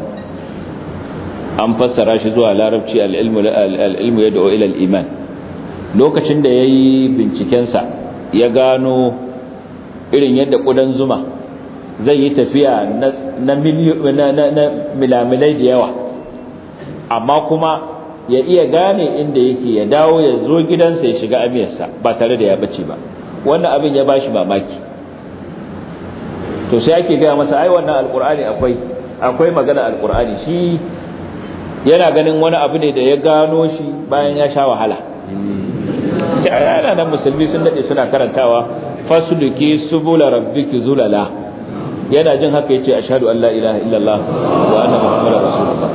an fassara shi zuwa larabci al'ilmu ya da'o ilal iman lokacin da ya yi bincikensa ya gano irin yadda ƙudan zuma zai yi tafiya na milamilai da yawa amma kuma ya iya gane inda yake ya dawo ya zo gidansa ya shiga amiyarsa ba tare da ya bace ba wannan abin ya bashi mamaki to sai ake gaya masa ai wannan alkur'ani akwai akwai magana alkur'ani shi yana ganin wani abu ne da ya gano shi bayan ya sha wahala yana nan musulmi sun daɗe suna karantawa fasuluki subula rabbiki zulala yana jin haka yace ashhadu an la ilaha illallah wa anna muhammadar rasulullah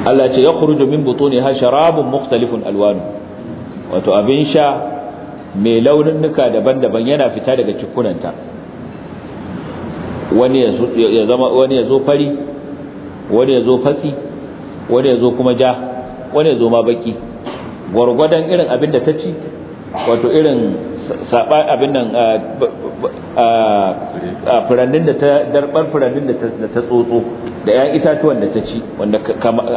Allah ce ya khuruju min butuniha sharabun mukhtalifun alwanu wato abin sha mai launin nuka daban-daban yana fita daga cikunanta wani ya zama wani ya zo fari wani ya zo fasi, wani ya zo kuma ja wani ya zo ma baki gwargwadon irin abin da ta ci wato irin saba abin nan a furannin da ta darbar furannin da ta tsotso da ya itatuwan da ta ci wanda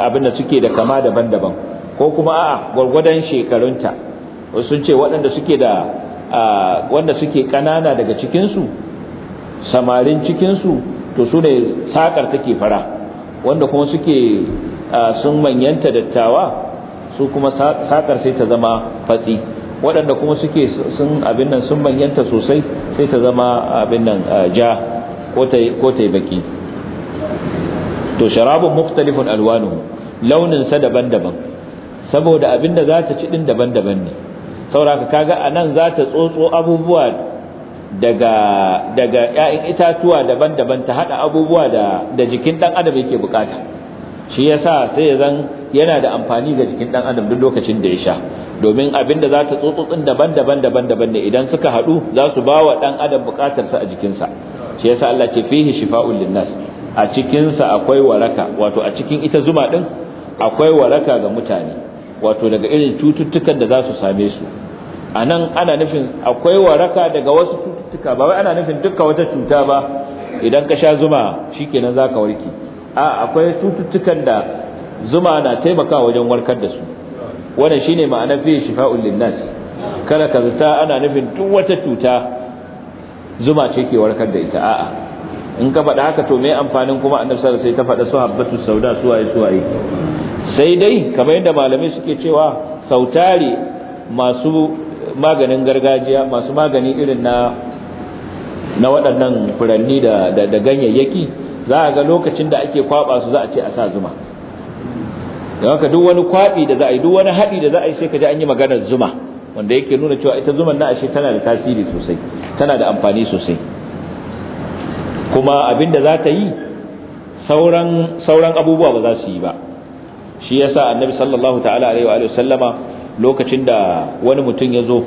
abin da suke da kama daban-daban ko kuma a gwargwadon shekarunta sun ce waɗanda suke da wanda suke ƙanana daga cikinsu samarin cikinsu to su ne sakar take fara wanda kuma suke sun manyanta dattawa su kuma sakar sai ta zama fatsi waɗanda kuma suke sun abin nan sun bayyanta sosai sai ta zama abin nan ah, ja ko ta yi baki to sharabun muktalifin alwanu launinsa daban-daban saboda abin da za ta ci din daban-daban ne sauraka kaga a nan za ta tsotso abubuwa daga daga ‘ya'yan itatuwa daban-daban ta haɗa abubuwa da jikin ɗan adam yake bukata shi yasa sai ya zan yana da amfani ga jikin ɗan adam duk lokacin da ya sha domin abin da za ta tsotsotsin daban-daban daban-daban ne idan suka haɗu za su ba wa ɗan adam buƙatarsa a jikinsa shi yasa Allah ce fihi shifa'un linnas a cikinsa akwai waraka wato a cikin ita zuma ɗin akwai waraka ga mutane wato daga irin cututtukan da za su same su a nan ana nufin akwai waraka daga wasu cututtuka ba wai ana nufin dukkan wata cuta ba idan ka sha zuma shikenan za ka warke a akwai cututtukan da zuma na taimakawa wajen warkar da su wannan shine ma'anar fi shifa'ul linnas kada ka ana nufin duk wata cuta zuma ce ke warkar da ita a'a in ka faɗa haka to me amfanin kuma annabi sallallahu alaihi wasallam sai ta faɗa su habbatu sauda suwaye suwaye sai dai kamar yadda malamai suke cewa sautare masu maganin gargajiya masu magani irin na na waɗannan furanni da ganyayyaki za a ga lokacin da ake kwaba su za a ce a sa zuma da haka duk wani kwaɗi da za a yi duk wani haɗi da za a yi sai ka ji an yi maganar zuma wanda yake nuna cewa ita zuman na ashe tana da tasiri sosai tana da amfani sosai kuma abin da za ta yi sauran sauran abubuwa ba za su yi ba shi yasa annabi sallallahu ta'ala alaihi wa sallama lokacin da wani mutum ya zo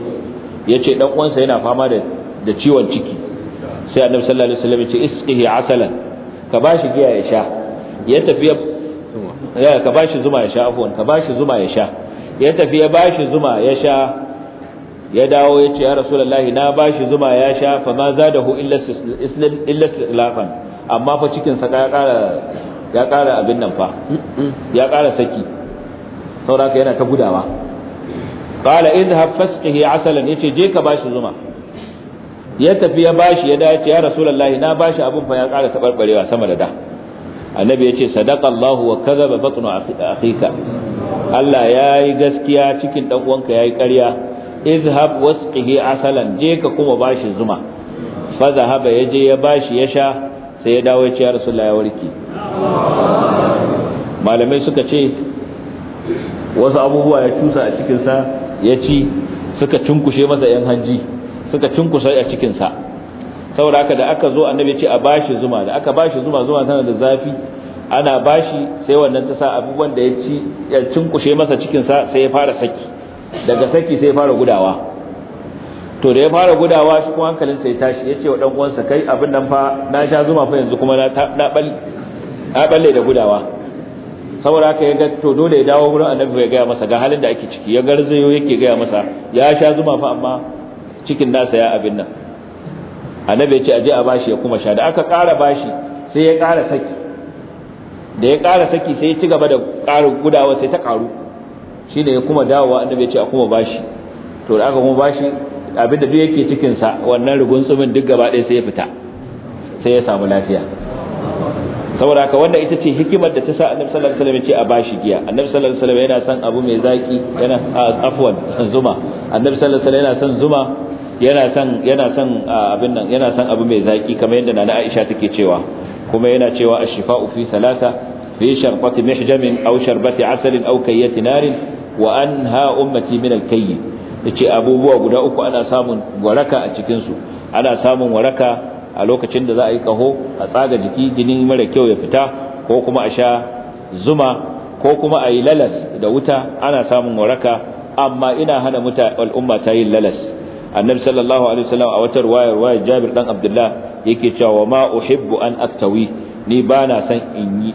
ya ce dan uwansa yana fama da ciwon ciki sai annabi sallallahu alaihi wa sallam ya ce isqihi asalan ka bashi giya ya sha ya tafi ya ka bashi zuma ya sha afuwan ka bashi zuma ya sha ya tafi ya bashi zuma ya sha ya dawo ya ce ya rasulullahi na bashi zuma ya sha fa ma zadahu illa illa lafan amma fa cikin sa ya ƙara ya ƙara abin nan fa ya ƙara saki saboda yana ta gudawa qala idhhab fasqihi asalan yace je ka bashi zuma ya tafi ya bashi ya dace ya rasulullahi na bashi abun fa ya ƙara tabarbarewa sama da da annabi yace sadaqa Allahu wa kadhaba batnu akhika Allah yayi gaskiya cikin dan uwanka yayi ƙarya izhab wasqihi asalan je ka kuma bashi zuma fa zahaba yaje ya bashi ya sha sai ya dawo ya ce ya rasulullahi malamai suka ce wasu abubuwa ya cusa a cikinsa ya ci suka cunkushe masa yan hanji suka cunkusa a cikinsa saboda haka da aka zo annabi ce a bashi zuma da aka bashi zuma zuma tana da zafi ana bashi sai wannan ta sa abubuwan da ya ci ya cinkushe masa cikin sa sai ya fara saki daga saki sai ya fara gudawa to da ya fara gudawa shi kuma hankalin sai tashi yace wa dan uwansa kai abin nan fa na sha zuma fa yanzu kuma na na balle da gudawa saboda haka ya ga to dole ya dawo gurin annabi ya ga masa ga halin da ake ciki ya garzayo yake gaya masa ya sha zuma fa amma cikin nasa ya abin nan annabi ya ce aje a bashi ya kuma sha da aka ƙara bashi sai ya ƙara saki da ya ƙara saki sai ya ci gaba da ƙarin gudawa sai ta ƙaru shine ya kuma dawowa annabi ya ce a kuma bashi to da aka kuma bashi abin da duk yake cikin sa wannan rugun tsumin duk gaba ɗaya sai ya fita sai ya samu lafiya saboda haka wanda ita ce hikimar da ta sa annabi sallallahu alaihi wasallam ya ce a bashi giya annabi sallallahu alaihi wasallam yana son abu mai zaki yana afwan zuma annabi sallallahu alaihi wasallam yana son zuma yana son yana son abin nan yana son abu mai zaki kamar yadda nana Aisha take cewa kuma yana cewa ash-shifa'u fi salata fi sharbati mihjamin aw sharbati asalin aw kayyati narin wa anha ummati min al-kayy yace abubuwa guda uku ana samun waraka a cikin su ana samun waraka a lokacin da za a yi kaho a tsaga jiki jinin mara kyau ya fita ko kuma a sha zuma ko kuma a yi lalas da wuta ana samun waraka amma ina hana mutane al'umma ta yin lalas annabi sallallahu alaihi wasallam a wata riwaya riwaya Jabir dan Abdullah yake cewa ma uhibbu an aktawi ni bana san in yi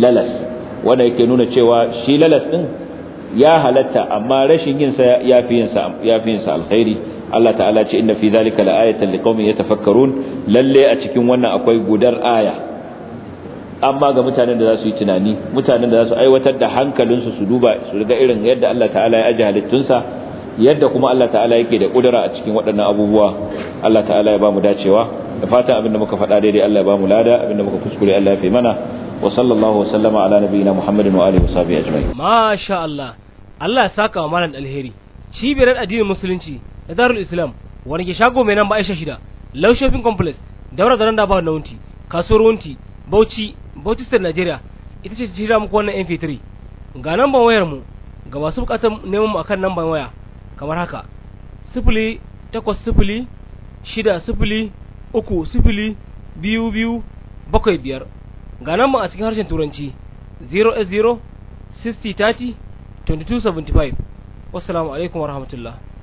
lalas wanda yake nuna cewa shi lalas din ya halatta amma rashin yin sa yafi yin sa yafi yin sa alkhairi Allah ta'ala ce inna fi zalika la'ayatan liqaumin yatafakkarun lalle a cikin wannan akwai gudar aya amma ga mutanen da za su yi tunani mutanen da za su aiwatar da hankalinsu su duba su riga irin yadda Allah ta'ala ya aje halittunsa yadda kuma Allah ta'ala yake da kudura a cikin waɗannan abubuwa Allah ta'ala ya ba mu dacewa da fata abinda muka faɗa daidai Allah ya ba mu lada abinda muka kuskure Allah ya fi mana wa sallallahu wa sallama ala nabiyina Muhammadin wa alihi wa sahbihi ajma'in masha Allah Allah ya saka wa malam alheri cibiyar addinin musulunci da darul islam wani ke shago mai nan ba aisha shida law shopping complex daura da nan da ba na wunti kasuwar wunti bauchi bauchi sir Nigeria ita ce jira muku wannan mp3 ga namban wayar mu ga masu bukatar neman mu akan namban waya kamar haka sifili takwas sifili shida sifili uku sifili biyu biyu bakwai biyar ga nan mu a cikin harshen turanci 0 60 30 2275 wassalamu alaikum warahmatullahi